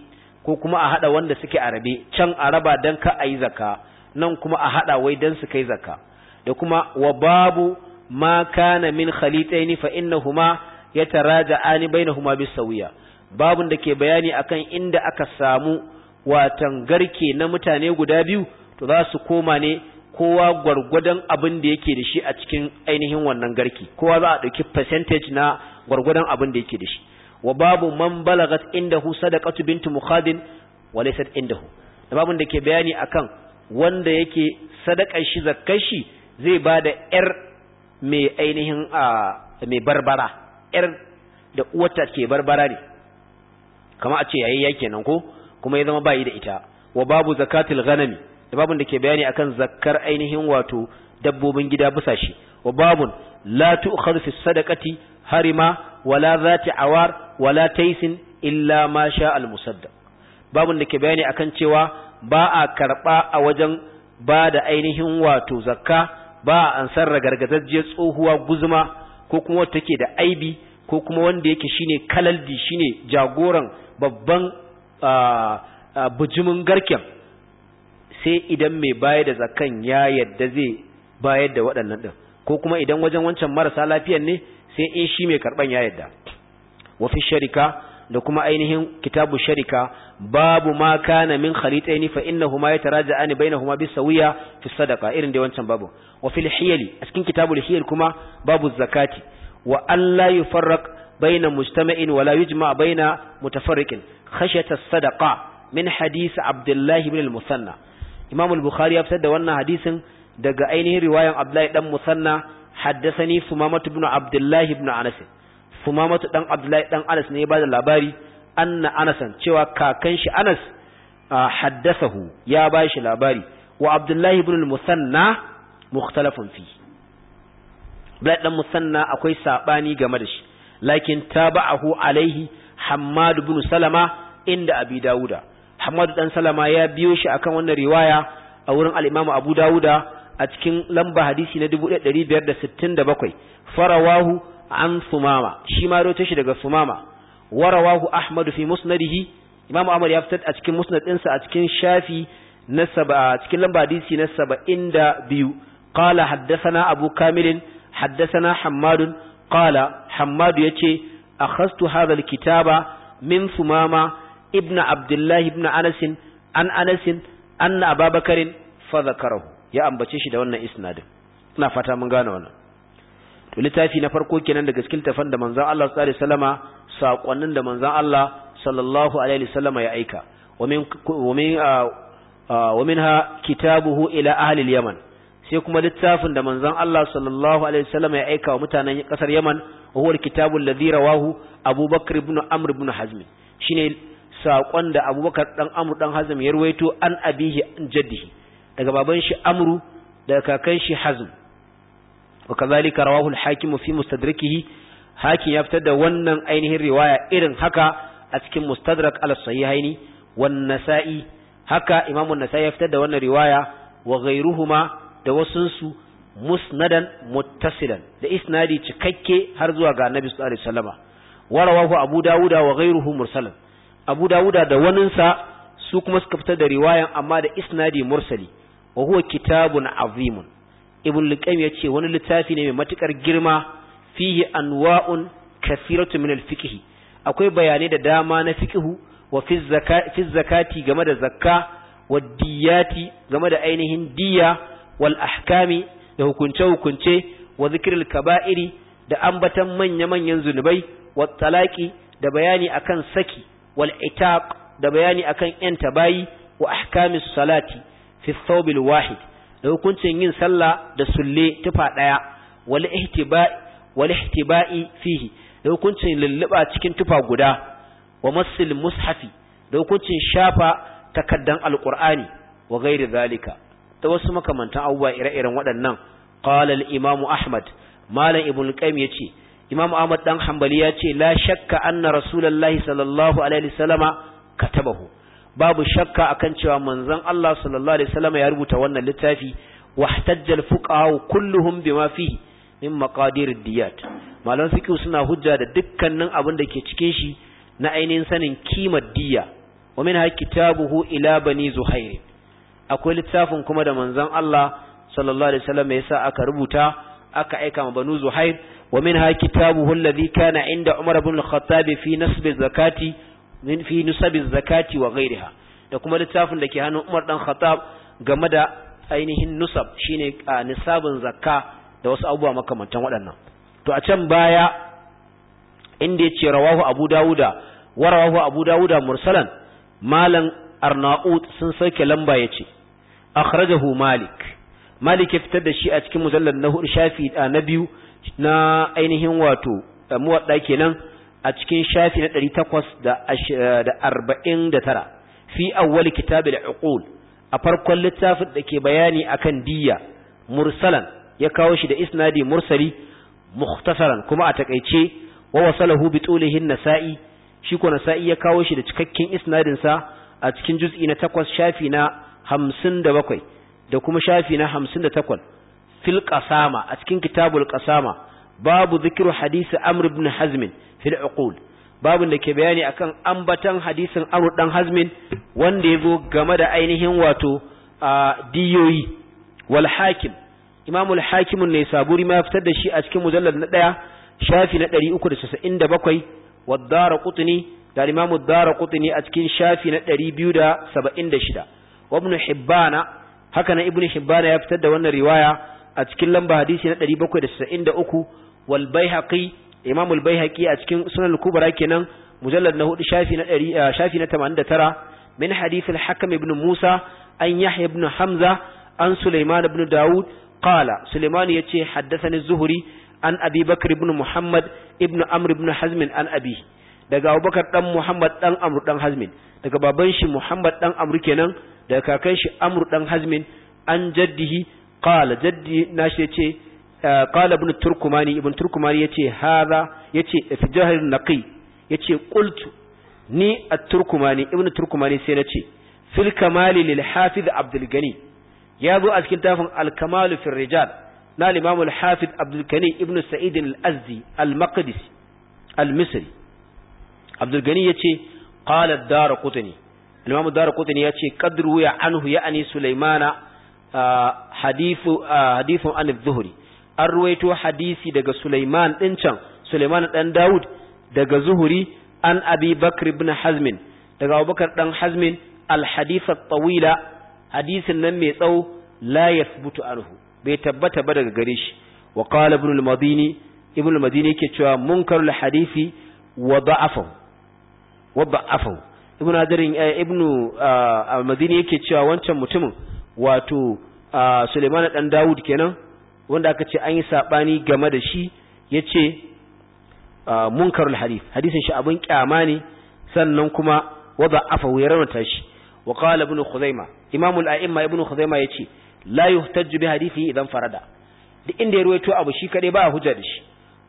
ko kuma a haɗa wanda suke a rabe can a raba don ka a yi zakka nan kuma a haɗa wai don su kai zaka. da kuma wa babu ma kana min khalitaini fa innahuma yataraja'ani bainahuma bisawiya babun da ke bayani akan inda aka samu watan garke na mutane guda biyu to za su koma ne kowa gwargwadon abin da yake da shi a cikin ainihin wannan garki kowa za a ɗauki percentage na gwargwadon abin da yake da shi wa babu man balagat indahu sadaqatu bintu mukhadin wa laysat indahu da babun da ke bayani akan wanda yake sadakar shi zakkar shi zai bada yar mai ainihin a mai barbara yar da wata ke barbara ne kama a ce yayi yayayya kenan ko kuma ya zama bayi da ita wa babu zakatul ghanami da babun da ke bayani akan zakkar ainihin wato dabbobin gida busashi wa babun la harfi fi sadaqati harima wala zati awar wala taisin illa ma sha al musaddaq babun da ke bayani akan cewa ba a karɓa a wajen ba da ainihin wato zakka ba ansar sarra gargajajjiyar tsohuwa guzuma ko kuma wata take da aibi ko kuma wanda yake shine kalaldi shine jagoran babban bujumin garken sai idan mai bayar da zakan ya yadda zai bayar da waɗannan ɗin ko kuma idan wajen wancan marasa lafiyan ne sai in shi mai karɓan ya yadda wafi sharika da kuma ainihin kitabu sharika babu ma kana min khalitaini fa innahuma yataraja'ani bainahuma bisawiya fi sadaqa irin da wancan babu wa fil hiyali a kitabul hiyal kuma babu zakati wa alla yufarraq baina mujtama'in wa la yujma' baina mutafarriqin khashyata sadaqa min hadisi abdullahi ibn al-musanna imam al-bukhari ya fitar da wannan hadisin daga ainihin riwayan abdullahi dan musanna haddathani sumamah ibn abdullahi ibn anas fumamatu dan abdullahi dan anas ne ya bada labari anna anasan cewa kakan shi anas haddasahu ya ba shi labari wa abdullahi ibn al-musanna mukhtalafun fi abdullahi dan musanna akwai sabani game da shi lakin taba'ahu alaihi hammad ibn salama inda abi Dawuda. hammad dan salama ya biyo shi akan wannan riwaya a wurin al-imam abu Dawuda a cikin lamba hadisi na 1567 farawahu an sumama shi ma rawaito shi daga sumama wa rawahu ahmad fi musnadihi imam ahmad ya fitar a cikin musnad ɗinsa a cikin shafi na saba cikin lamba hadisi na biyu qala haddathana abu kamil haddathana hammad qala hammad yace akhastu hadha alkitaba min sumama ibn abdullah ibn anas an anas anna ababakarin fa zakarahu ya ambace shi da wannan isnadin ina fata mun gane wannan to littafi na farko kenan daga cikin tafan da manzon Allah sallallahu alaihi wasallama sakonnin da manzon Allah sallallahu alaihi wasallama ya aika wa min wa ah, ah, kitabuhu ila ahli yaman sai kuma littafin da manzon Allah sallallahu alaihi wasallama ya aika wa mutanen kasar Yaman huwa al-kitabu alladhi rawahu Abu Bakr ibn Amr ibn Hazm shine sakon da Abubakar dan Amr dan Hazm ya ruwaito an abihi jaddihi daga baban shi Amru daga kakan shi Hazm wa kazalika rawahu al-hakim fi mustadrakihi hakim ya fitar da wannan ainihin riwaya irin haka a cikin mustadrak al-sahihaini wan nasa'i haka imam an-nasa'i ya fitar da wannan riwaya wa ghayruhuma da wasunsu musnadan muttasilan da isnadi cikakke har zuwa ga annabi sallallahu alaihi wasallama wa rawahu abu dawuda wa ghayruhu mursalan abu dawuda da waninsa su kuma suka fitar da riwayan amma da isnadi mursali wa huwa kitabun azimun ibn liqaym yace wani littafi ne mai matukar girma fihi anwa'un kathiratu min al akwai bayanai da dama na fikihu wa fi zakati game da zakka wa diyati game da ainihin diya wal ahkami da hukunce hukunce wa zikril kaba'iri da ambatan manya manyan zunubai wa talaƙi da bayani akan saki wal itaq da bayani akan yan tabayi wa ahkami salati fi thawbil wahid da hukuncin yin sallah da sulle tufa ɗaya wal ihtiba'i wal ihtiba'i fihi da hukuncin lulluba cikin tufa guda wa masil mushafi da hukuncin shafa takaddan alqur'ani wa ghairi zalika da wasu makamantan abubuwa ire-iren waɗannan qala al-imam ahmad malam ibn qayyim yace imam ahmad dan hanbali yace la shakka anna rasulullahi sallallahu alaihi wasallama katabahu babu shakka akan cewa manzon Allah sallallahu alaihi wasallam ya rubuta wannan littafi wahtajjal fuqaha kulluhum bima fihi min maqadir diyat malan fiqh suna hujja da dukkanin abin da ke cikin shi na ainihin sanin kimar diya wa minha kitabuhu ila bani zuhair akwai littafin kuma da manzon Allah sallallahu alaihi wasallam ya sa aka rubuta aka aika ma banu zuhair wa minha kitabuhu alladhi kana inda umar ibn al-khattab fi nasb zakati min fi nusabiz zakati wa ghairiha da kuma littafin da ke hannun Umar dan Khattab game da ainihin nusab shine nisabin zakka da wasu abubuwa makamantan waɗannan to a can baya inda yace rawahu Abu Dawuda wa rawahu Abu Dawuda mursalan malam Arnaut sun sauke lamba yace akhrajahu Malik Malik ya fitar da shi a cikin mujallad na hudu shafi na biyu na ainihin wato muwadda kenan a cikin shafi na 849 eh, fi awwal kitab al-uqul a farkon littafin da ke bayani akan diyya mursalan ya kawo shi da isnadi mursali mukhtasaran kuma a takaice wa wasalahu bi tulihi an-nasa'i shi ko nasa'i ya kawo shi da cikakken isnadin sa a cikin juz'i na 8 shafi na 57 da kuma shafi na 58 fil qasama a cikin kitabul qasama babu dhikru hadisi amr ibn hazm fil uqul babun da ke bayani akan ambatan hadisin Amr dan Hazmin wanda yazo game da ainihin wato diyoyi wal hakim hakim ne saburi ma fitar da shi a cikin mujallad na 1 shafi na 397 wad darqutni da Imam darqutni a cikin shafi na 276 wa Ibn Hibbana haka na Ibn Hibbana ya fitar da wannan riwaya a cikin lamba hadisi na 793 wal Baihaqi imam al-baihaqi a cikin sunan al-kubra kenan mujallad na hudu shafi na 100 eh, shafi na 89 min hadith al-hakim ibn musa an yahya ibn hamza an sulaiman ibn daud qala sulaiman yace haddathani az-zuhri an abi bakr ibn muhammad ibn amr ibn hazm an abi daga abubakar dan muhammad dan amr dan hazmin daga baban shi muhammad dan amr kenan daga kakan shi amr dan hazmin an jaddihi qala jaddi nashi yace qala ibn turkumani ibn turkumani yace hadha yace ifjahir naqi yace qultu ni a turkumani ibn turkumani sai nace fil kamali lil hafiz abdul gani ya zo a cikin tafin al-kamal fi rijal na al-imam al-hafiz al-azdi al-maqdisi al-misri abdul gani yace qala ad-darqutni al-imam ad ya anhu sulaimana hadithu an zuhri an ruwaito hadisi daga Sulaiman ɗin can Sulaiman ɗan Dawud daga Zuhuri an Abi Bakr ibn Hazmin daga Abubakar ɗan Hazmin al-hadith tawila hadisin nan mai tsawo la yathbutu anhu bai tabbata ba daga gare shi wa qala ibn al-Madini ibn al-Madini yake cewa munkarul hadisi wa da'afahu wa da'afahu ibn adarin eh, ibn eh, al-Madini yake cewa wancan mutumin wato ah, Sulaiman ɗan Dawud kenan wanda aka ce an yi saɓani game da shi ya ce ah, munkar hadith hadisin shi abin kyama ne sannan kuma wadda afa ya raunata shi wa qala ibn khuzaima imamul a'imma ibn khuzaima ya ce la yuhtajju bi hadithi idan farada duk inda ya ruwaito abu shi kadai ba hujja da shi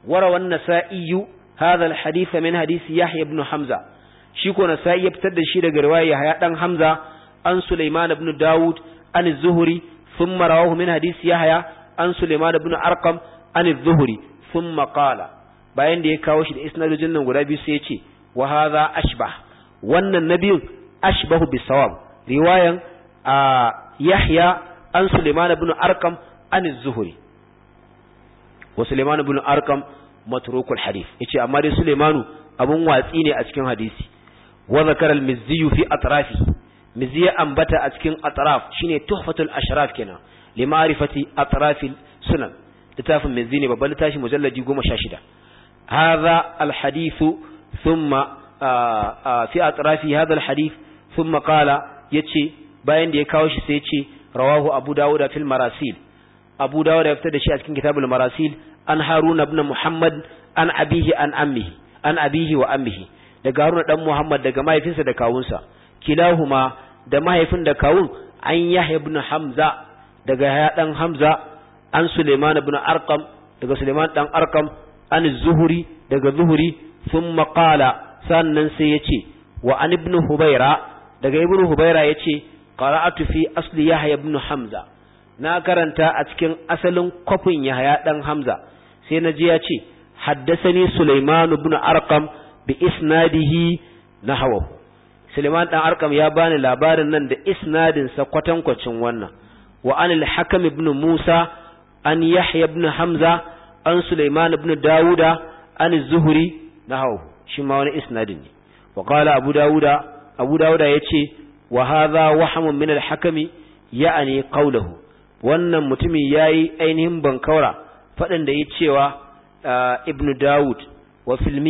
wara wan nasa'i hadha al min hadisi yahya ibn hamza shi ko nasa'i ya fitar da shi daga riwaya yahya dan hamza an sulaiman ibn daud an zuhri ثم رواه من حديث يحيى an Suleiman ibn Arqam an az-Zuhri thumma qala bayan da ya kawo shi da isnadojin nan guda biyu sai ya ce wa hadha ashbah wannan nabiyin ashbahu bisawab riwayan Yahya an Suleiman ibn Arqam an az-Zuhri wa Suleiman ibn Arqam matrukul hadith yace amma dai Suleimanu abun watsi ne a cikin hadisi wa zakara al-Mizzi fi atrafi Mizzi ya ambata a cikin atraf shine tuhfatul ashraf kenan limarifati atrafil sunan littafin menzini babban littafi mujalladi goma sha shida hadha alhadithu thumma fi atrafi hadha alhadith thumma qala yace bayan da ya kawo shi sai ce rawahu abu dawud fil abu dawud ya fitar da shi a cikin kitabul marasil an harun ibn muhammad an abihi an ammihi an abihi wa ammihi daga harun dan muhammad daga mahaifinsa da kawunsa kilahuma da mahaifin da kawun an yahya ibn hamza daga ya dan hamza an suleiman ibn arqam daga suleiman dan arqam an zuhuri daga zuhuri thumma qala sannan sai yace wa an ibn hubaira daga ibn hubaira yace qara'atu fi asli yahya ibn hamza na karanta a cikin asalin kwafin yahya dan hamza sai na ji yace haddasani suleiman ibn arqam bi isnadihi nahawahu suleiman dan arkam ya bani labarin nan da isnadin sa kwatankwacin wannan wa an al ibn Musa an Yahya ibn Hamza an Sulaiman ibn Dawuda an Zuhri nahawu shi ma wani isnadin ne wa qala Abu Dawuda Abu Dawuda yace wa hadha wahmun min al ya'ani qawluhu wannan mutumi yayi ainihin bankaura faɗin da ya cewa uh, ibn Dawud wa fil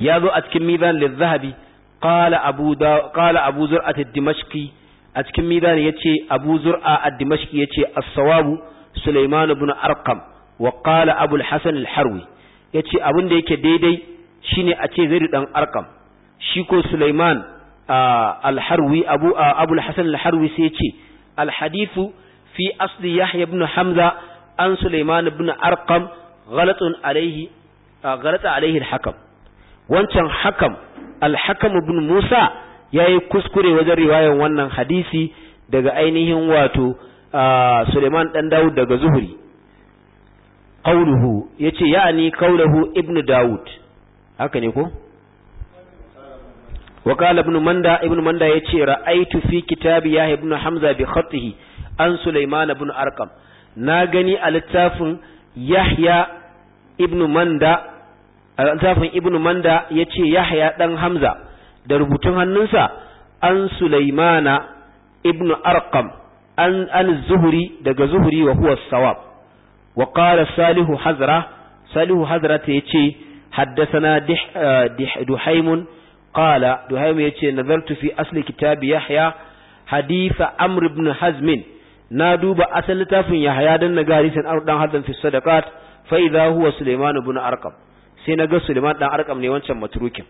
ya zo a cikin mizan lil zahabi qala abu da qala abu zur'at ad-dimashqi a cikin mizan yace abu zur'a ad-dimashqi yace as-sawabu sulaiman ibn arqam wa qala abul hasan al-harwi yace abin da yake daidai shine a ce zaidu dan arqam shi ko sulaiman al-harwi abu abul hasan sai ce al-hadithu fi asli yahya ibn hamza an sulaiman ibn arqam ghalatun alayhi hakam wancan hakan. alhakam ibn musa ya yi kuskure wajen riwayan wannan hadisi daga ainihin wato suleiman dan dawud daga zuhuri qawluhu yace ya'ani qawluhu ibn dawud haka ne ko wa qala ibn manda ibn manda yace ra'aitu fi kitabi ya ibn hamza bi khatihi an suleiman ibn arqam na gani a littafin yahya ibn manda a tafin ibnu manda ce yahya dan hamza da rubutun hannunsa an sulaimana ibnu arqam an an zuhri daga zuhri wa huwa sawab wa qala salihu hazra salihu hazra ta yace haddathana eh, duhaymun qala duhaym yace nazartu fi asli kitabi yahya haditha amr ibn hazm na duba asalin tafin yahya dan nagari san ardan hadan fi sadaqat fa idha huwa sulaiman ibn arqam sai na ga Suleiman dan Arkam ne wancan matrukin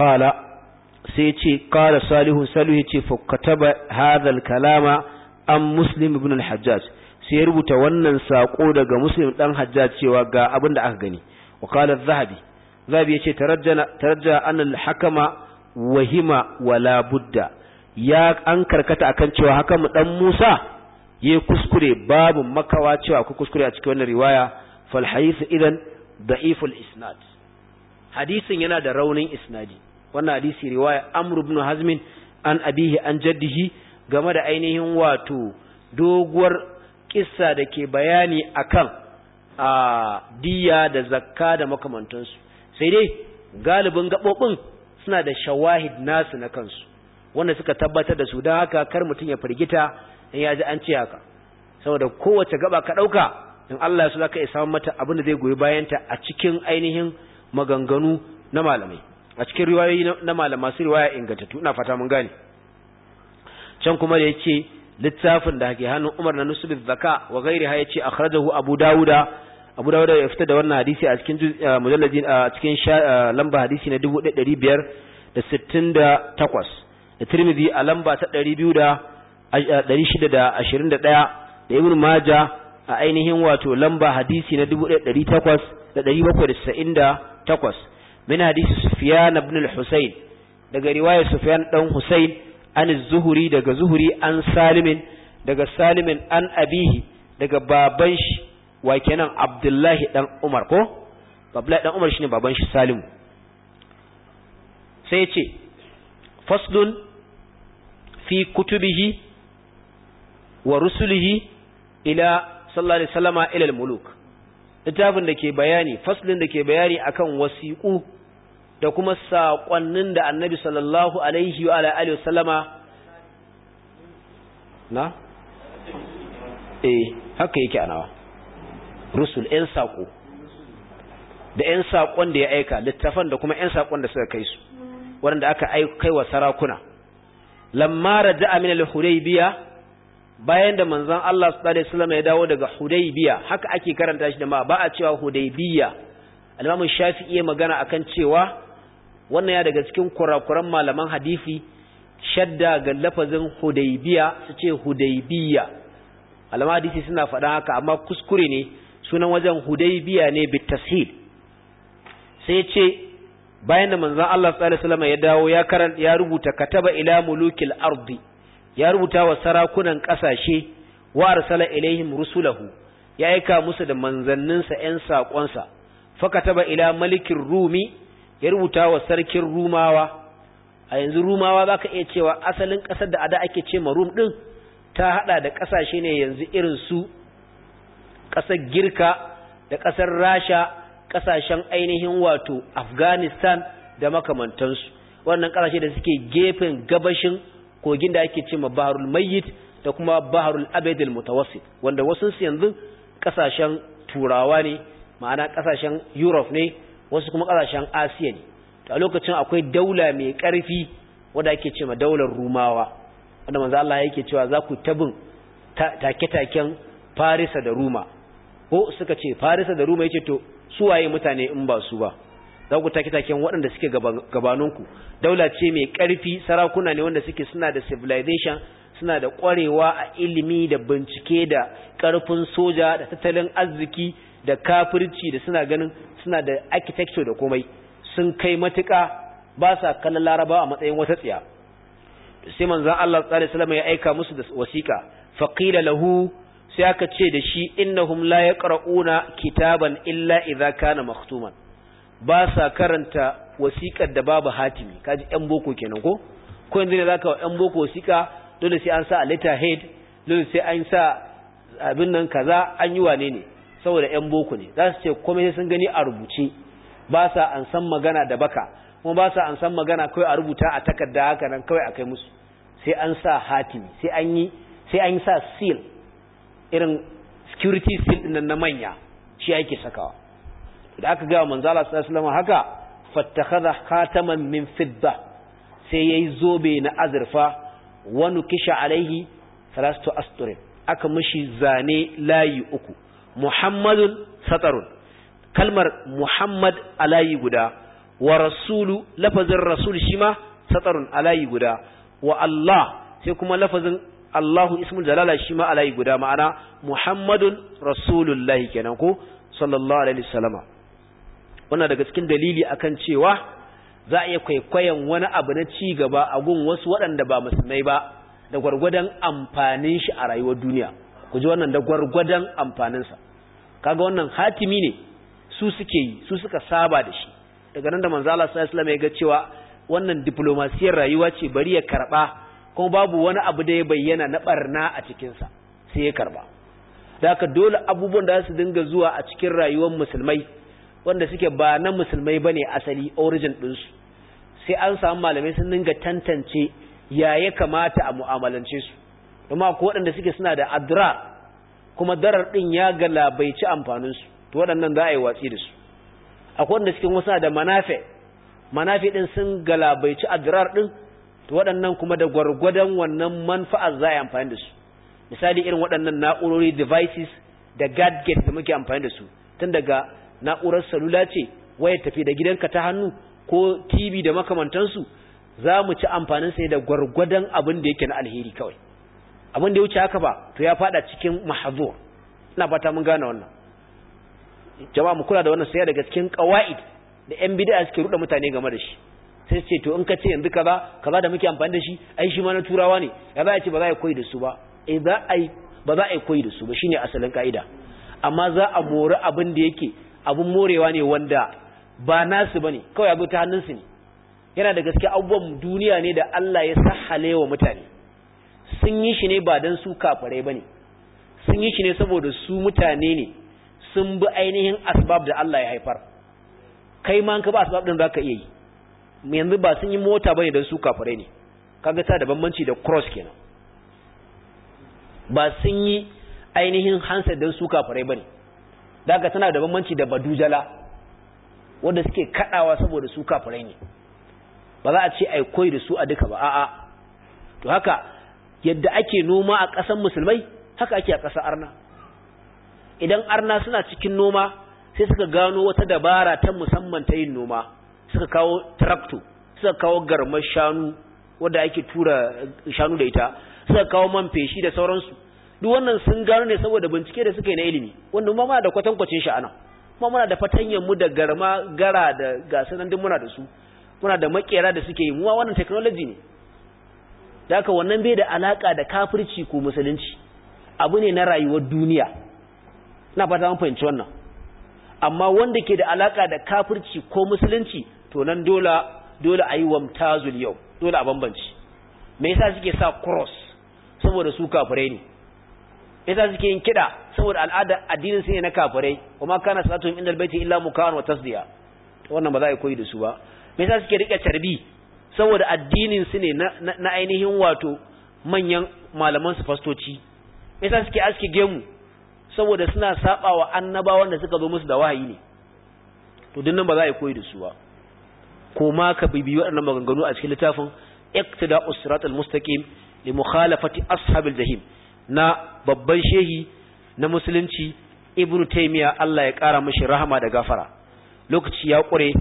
qala sai ce qala salihu salihu ce fa kataba hadha kalama an muslim ibn hajjaj sai ya rubuta wannan sako daga muslim dan hajjaj cewa ga abin da aka gani wa qala zahabi zahabi yace tarajjana tarajja an al-hakama wahima wala budda ya an karkata akan cewa hakamu dan Musa ya kuskure babu makawa cewa ku kuskure a cikin wannan riwaya fal hayith idan da'iful isnad hadisin yana da raunin isnadi wannan hadisi riwaya amru, ibn hazmin an abihi an jaddihi game da ainihin wato doguwar kissa da ke bayani akan a diya da zakka da makamantansu sai dai galibin gaɓoɓin suna da shawahid nasu na kansu wanda suka tabbatar da su don haka kar mutum ya firgita in ya ji an ce haka saboda kowace gaba ka ɗauka in Allah ya so zaka iya samun mata abin da zai goyi bayanta a cikin ainihin maganganu na malamai a cikin riwayoyi na malama su riwaya ingantattu ina fata mun gane can kuma da yake littafin da hake hannun Umar na Nusb zaka wa gairi ha yace akhrajahu Abu Dawuda Abu Dawuda ya fitar da wannan hadisi a cikin mujalladi a cikin lamba hadisi na 1568 da Tirmidhi a lamba ta 200 621 da Ibn Majah a ainihin wato lamba hadisi na 1898 min hadisi Sufyan ibn al-Husayn daga riwayar Sufyan dan Husayn an Zuhuri daga Zuhuri an Salimin daga Salimin an Abihi daga baban shi wa kenan Abdullahi dan Umar ko Abdullahi dan Umar shine baban shi Salimu sai ce faslun fi kutubihi wa rusulihi ila sallallahu alaihi wasallama ila muluk littafin da ke bayani faslin da ke bayani akan wasiqu da kuma saƙonnin da annabi sallallahu alaihi wa alihi wasallama na eh haka yake anawa rusul ɗan saƙo da ɗan saƙon da ya aika littafan da kuma ɗan saƙon da suka kai su waɗanda aka kai wa sarakuna lamma raja'a min al biya. bayan da manzon Allah sallallahu alaihi wasallam ya dawo daga Hudaybiya haka ake karanta shi da ma ba a cewa Hudaybiya al-Imam Shafi'i ya magana akan cewa wannan ya daga cikin kurakuran malaman hadisi shadda ga lafazin Hudaybiya su ce Hudaybiya malaman hadisi suna faɗa haka amma kuskure ne sunan wajen Hudaybiya ne bitashil sai ya ce bayan da manzon Allah sallallahu alaihi wasallam ya dawo ya karanta ya rubuta kataba ila mulukil ardi ya rubuta wa sarakunan ƙasashe wa arsala ilaihim rusulahu ya aika musu da manzanninsa ‘yan saƙonsa fakataba ila malikin rumi ya rubuta wa sarkin rumawa a yanzu rumawa za ka iya cewa asalin ƙasar da ada ake ce ma rum ɗin ta haɗa da ƙasashe ne yanzu irin su ƙasar girka da ƙasar rasha ƙasashen ainihin wato afghanistan da makamantansu wannan ƙasashe da suke gefen gabashin kogin da ake cewa baharul mayyit da kuma baharul abedil mutawassit wanda wasu su yanzu kasashen turawa ne ma'ana kasashen Europe ne wasu kuma kasashen Asiya ne to a lokacin akwai daula mai karfi wanda ake cewa daular Rumawa wanda manzo Allah yake cewa za ku tabin take-taken Farisa da Ruma ko suka ce Farisa da Ruma yace to su waye mutane in ba su ba za ku take taken waɗanda suke gabaninku daula ce mai ƙarfi sarakuna ne wanda suke suna da civilization suna da ƙwarewa a ilimi da bincike da ƙarfin soja da tattalin arziki da kafirci da suna ganin suna da architecture da komai sun kai matuƙa ba sa kallon laraba a matsayin wata tsiya sai manzon Allah sallallahu alaihi ya aika musu da wasiƙa faqila lahu sai aka ce da shi innahum la yaqra'una kitaban illa idza kana maktuman ba sa karanta wasikar da babu hatimi kaji yan boko kenan ko ko yanzu ne zaka yan boko wasiƙa dole sai an sa a letter head dole sai an sa abin nan kaza an yi wane ne saboda yan boko ne za su ce komai sun gani a rubuce ba sa an san magana da baka kuma ba sa an san magana kawai a rubuta a takarda haka nan kawai a kai musu sai an sa hatimi sai an yi sai an sa seal irin security seal din na manya shi ake sakawa da aka ga manzala sallallahu alaihi haka fattakhadha khataman min fidda sai ya yi zobe na azurfa wa nukisha alaihi thalathatu asturin aka mishi zane layi uku muhammadun satarun kalmar muhammad alayi guda wa rasulu lafazin rasul shima satarun alayi guda wa allah sai kuma lafazin Allahu ismul jalala shi ma alayi guda ma'ana Muhammadun Rasulullahi kenan ko sallallahu alaihi wasallama wannan daga cikin dalili akan cewa za a iya kwaikwayon wani abu na ci gaba a gun wasu waɗanda ba musulmai ba da gwargwadon amfanin shi a rayuwar duniya ku ji wannan da gwargwadon amfaninsa kaga wannan hatimi ne su suke yi su suka saba da shi daga nan da manzo Allah sallallahu alaihi wasallam ya ga cewa wannan diplomasiyar rayuwa ce bari ya karba kuma babu wani abu da ya bayyana na barna a cikin sa sai ya karba da haka dole abubuwan da su dinga zuwa a cikin rayuwar musulmai wanda suke ba na musulmai ba ne asali origin ɗinsu sai an samu malamai sun ninga tantance ya ya kamata a mu'amalance su kuma ko waɗanda suke suna da adura kuma darar ɗin ya galabaici amfaninsu to waɗannan za a yi watsi da su akwai waɗanda suke suna da manafe Manafe ɗin sun galabaici adrar ɗin to waɗannan kuma da gwargwadon wannan manfa'ar za a yi amfani da su misali irin waɗannan na'urori devices da gadget da muke amfani da su tun daga na'urar salula ce waya tafi da gidanka ta hannu ko TV da makamantansu za mu ci amfanin sai da gwargwadon abin da yake na alheri kawai abin da ya wuce haka ba to ya fada cikin mahzur ina fata mun gane wannan jama'a mu kula da wannan sai daga cikin qawaid da yan bid'a suke ruda mutane game da shi sai ce to in ka ce yanzu kaza kaza da muke amfani da shi ai shi ma na turawa ne ya za a ce ba za a koyi da su ba eh za a ba za a koyi da su ba shine asalin kaida amma za a mori abin da yake abun morewa ne wanda ba nasu bane kawai abu ta hannunsu ne yana da gaske abubuwan duniya ne da Allah ya sahale wa mutane sun yi shi ne ba don su kafirai ne. sun yi shi ne saboda su mutane ne sun bi ainihin asbab da Allah ya haifar kai ma ka ba asbab din zaka iya yi yanzu ba sun yi mota bane don su kafirai ne kaga ta da bambanci da cross kenan ba sun yi ainihin hansa don su kafirai ne. daga tana da bambanci da badujala wanda suke kadawa saboda su kafirai ne ba za a ce ai koyi da su a duka ba a'a to haka yadda ake noma a ƙasar musulmai haka ake a ƙasar arna idan arna suna cikin noma sai suka gano wata dabara ta musamman ta yin noma suka kawo trakto suka kawo garmar shanu wadda ake tura shanu da ita suka kawo man feshi da sauransu duk wannan sun gano ne saboda bincike da suka yi na ilimi wannan ma muna da kwatankwacin shi anan kuma muna da fatanyar mu da garma gara da gasu nan duk muna da su muna da makera da suke yi muwa wannan technology ne da haka wannan bai da alaka da kafirci ko musulunci abu ne na rayuwar duniya ina fata an fahimci wannan amma wanda ke da alaka da kafirci ko musulunci to nan dole dole a yi wamtazul yau dole a bambanci me yasa suke sa cross saboda su kafirai ne yasa suke yin kida saboda al'ada addinin su ne na kafirai kuma kana salatuhum indal baiti illa mukan wa tasdiya wannan ba za a koyi da su ba me yasa suke rike tarbi saboda addinin su ne na ainihin wato manyan malaman su fastoci me yasa suke aske gemu saboda suna wa annaba da suka zo musu da wahayi ne to dinnan ba za a koyi da su ba ko ma ka bibi waɗannan maganganu a cikin littafin iqtida'us usratul mustaqim li mukhalafati ashabil jahim na babban shehi na musulunci ibnu taymiya Allah ya kara mishi rahama da gafara lokaci ya kure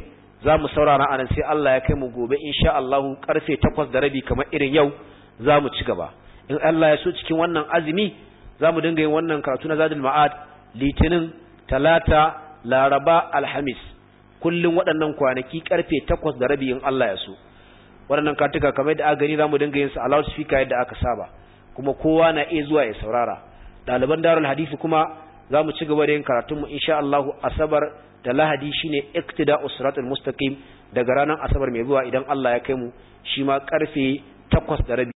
za mu saurara anan sai Allah ya kai mu gobe insha Allah karfe 8 da rabi kamar irin yau za mu ci gaba in Allah ya so cikin wannan azumi za mu dinga yin wannan karatu na zadul ma'ad litinin talata laraba alhamis kullum waɗannan kwanaki karfe 8 da rabi in Allah ya so waɗannan kartuka kamar da aka gani za mu dinga yin su a loudspeaker yadda aka saba kuma kowa na iya zuwa ya saurara ɗaliban darul hadisi kuma za mu ci gaba da yin karatunmu insha Allah asabar da lahadi shine iktida usratul mustaqim daga ranar asabar mai zuwa idan Allah ya kai mu shi ma karfe 8 da rabi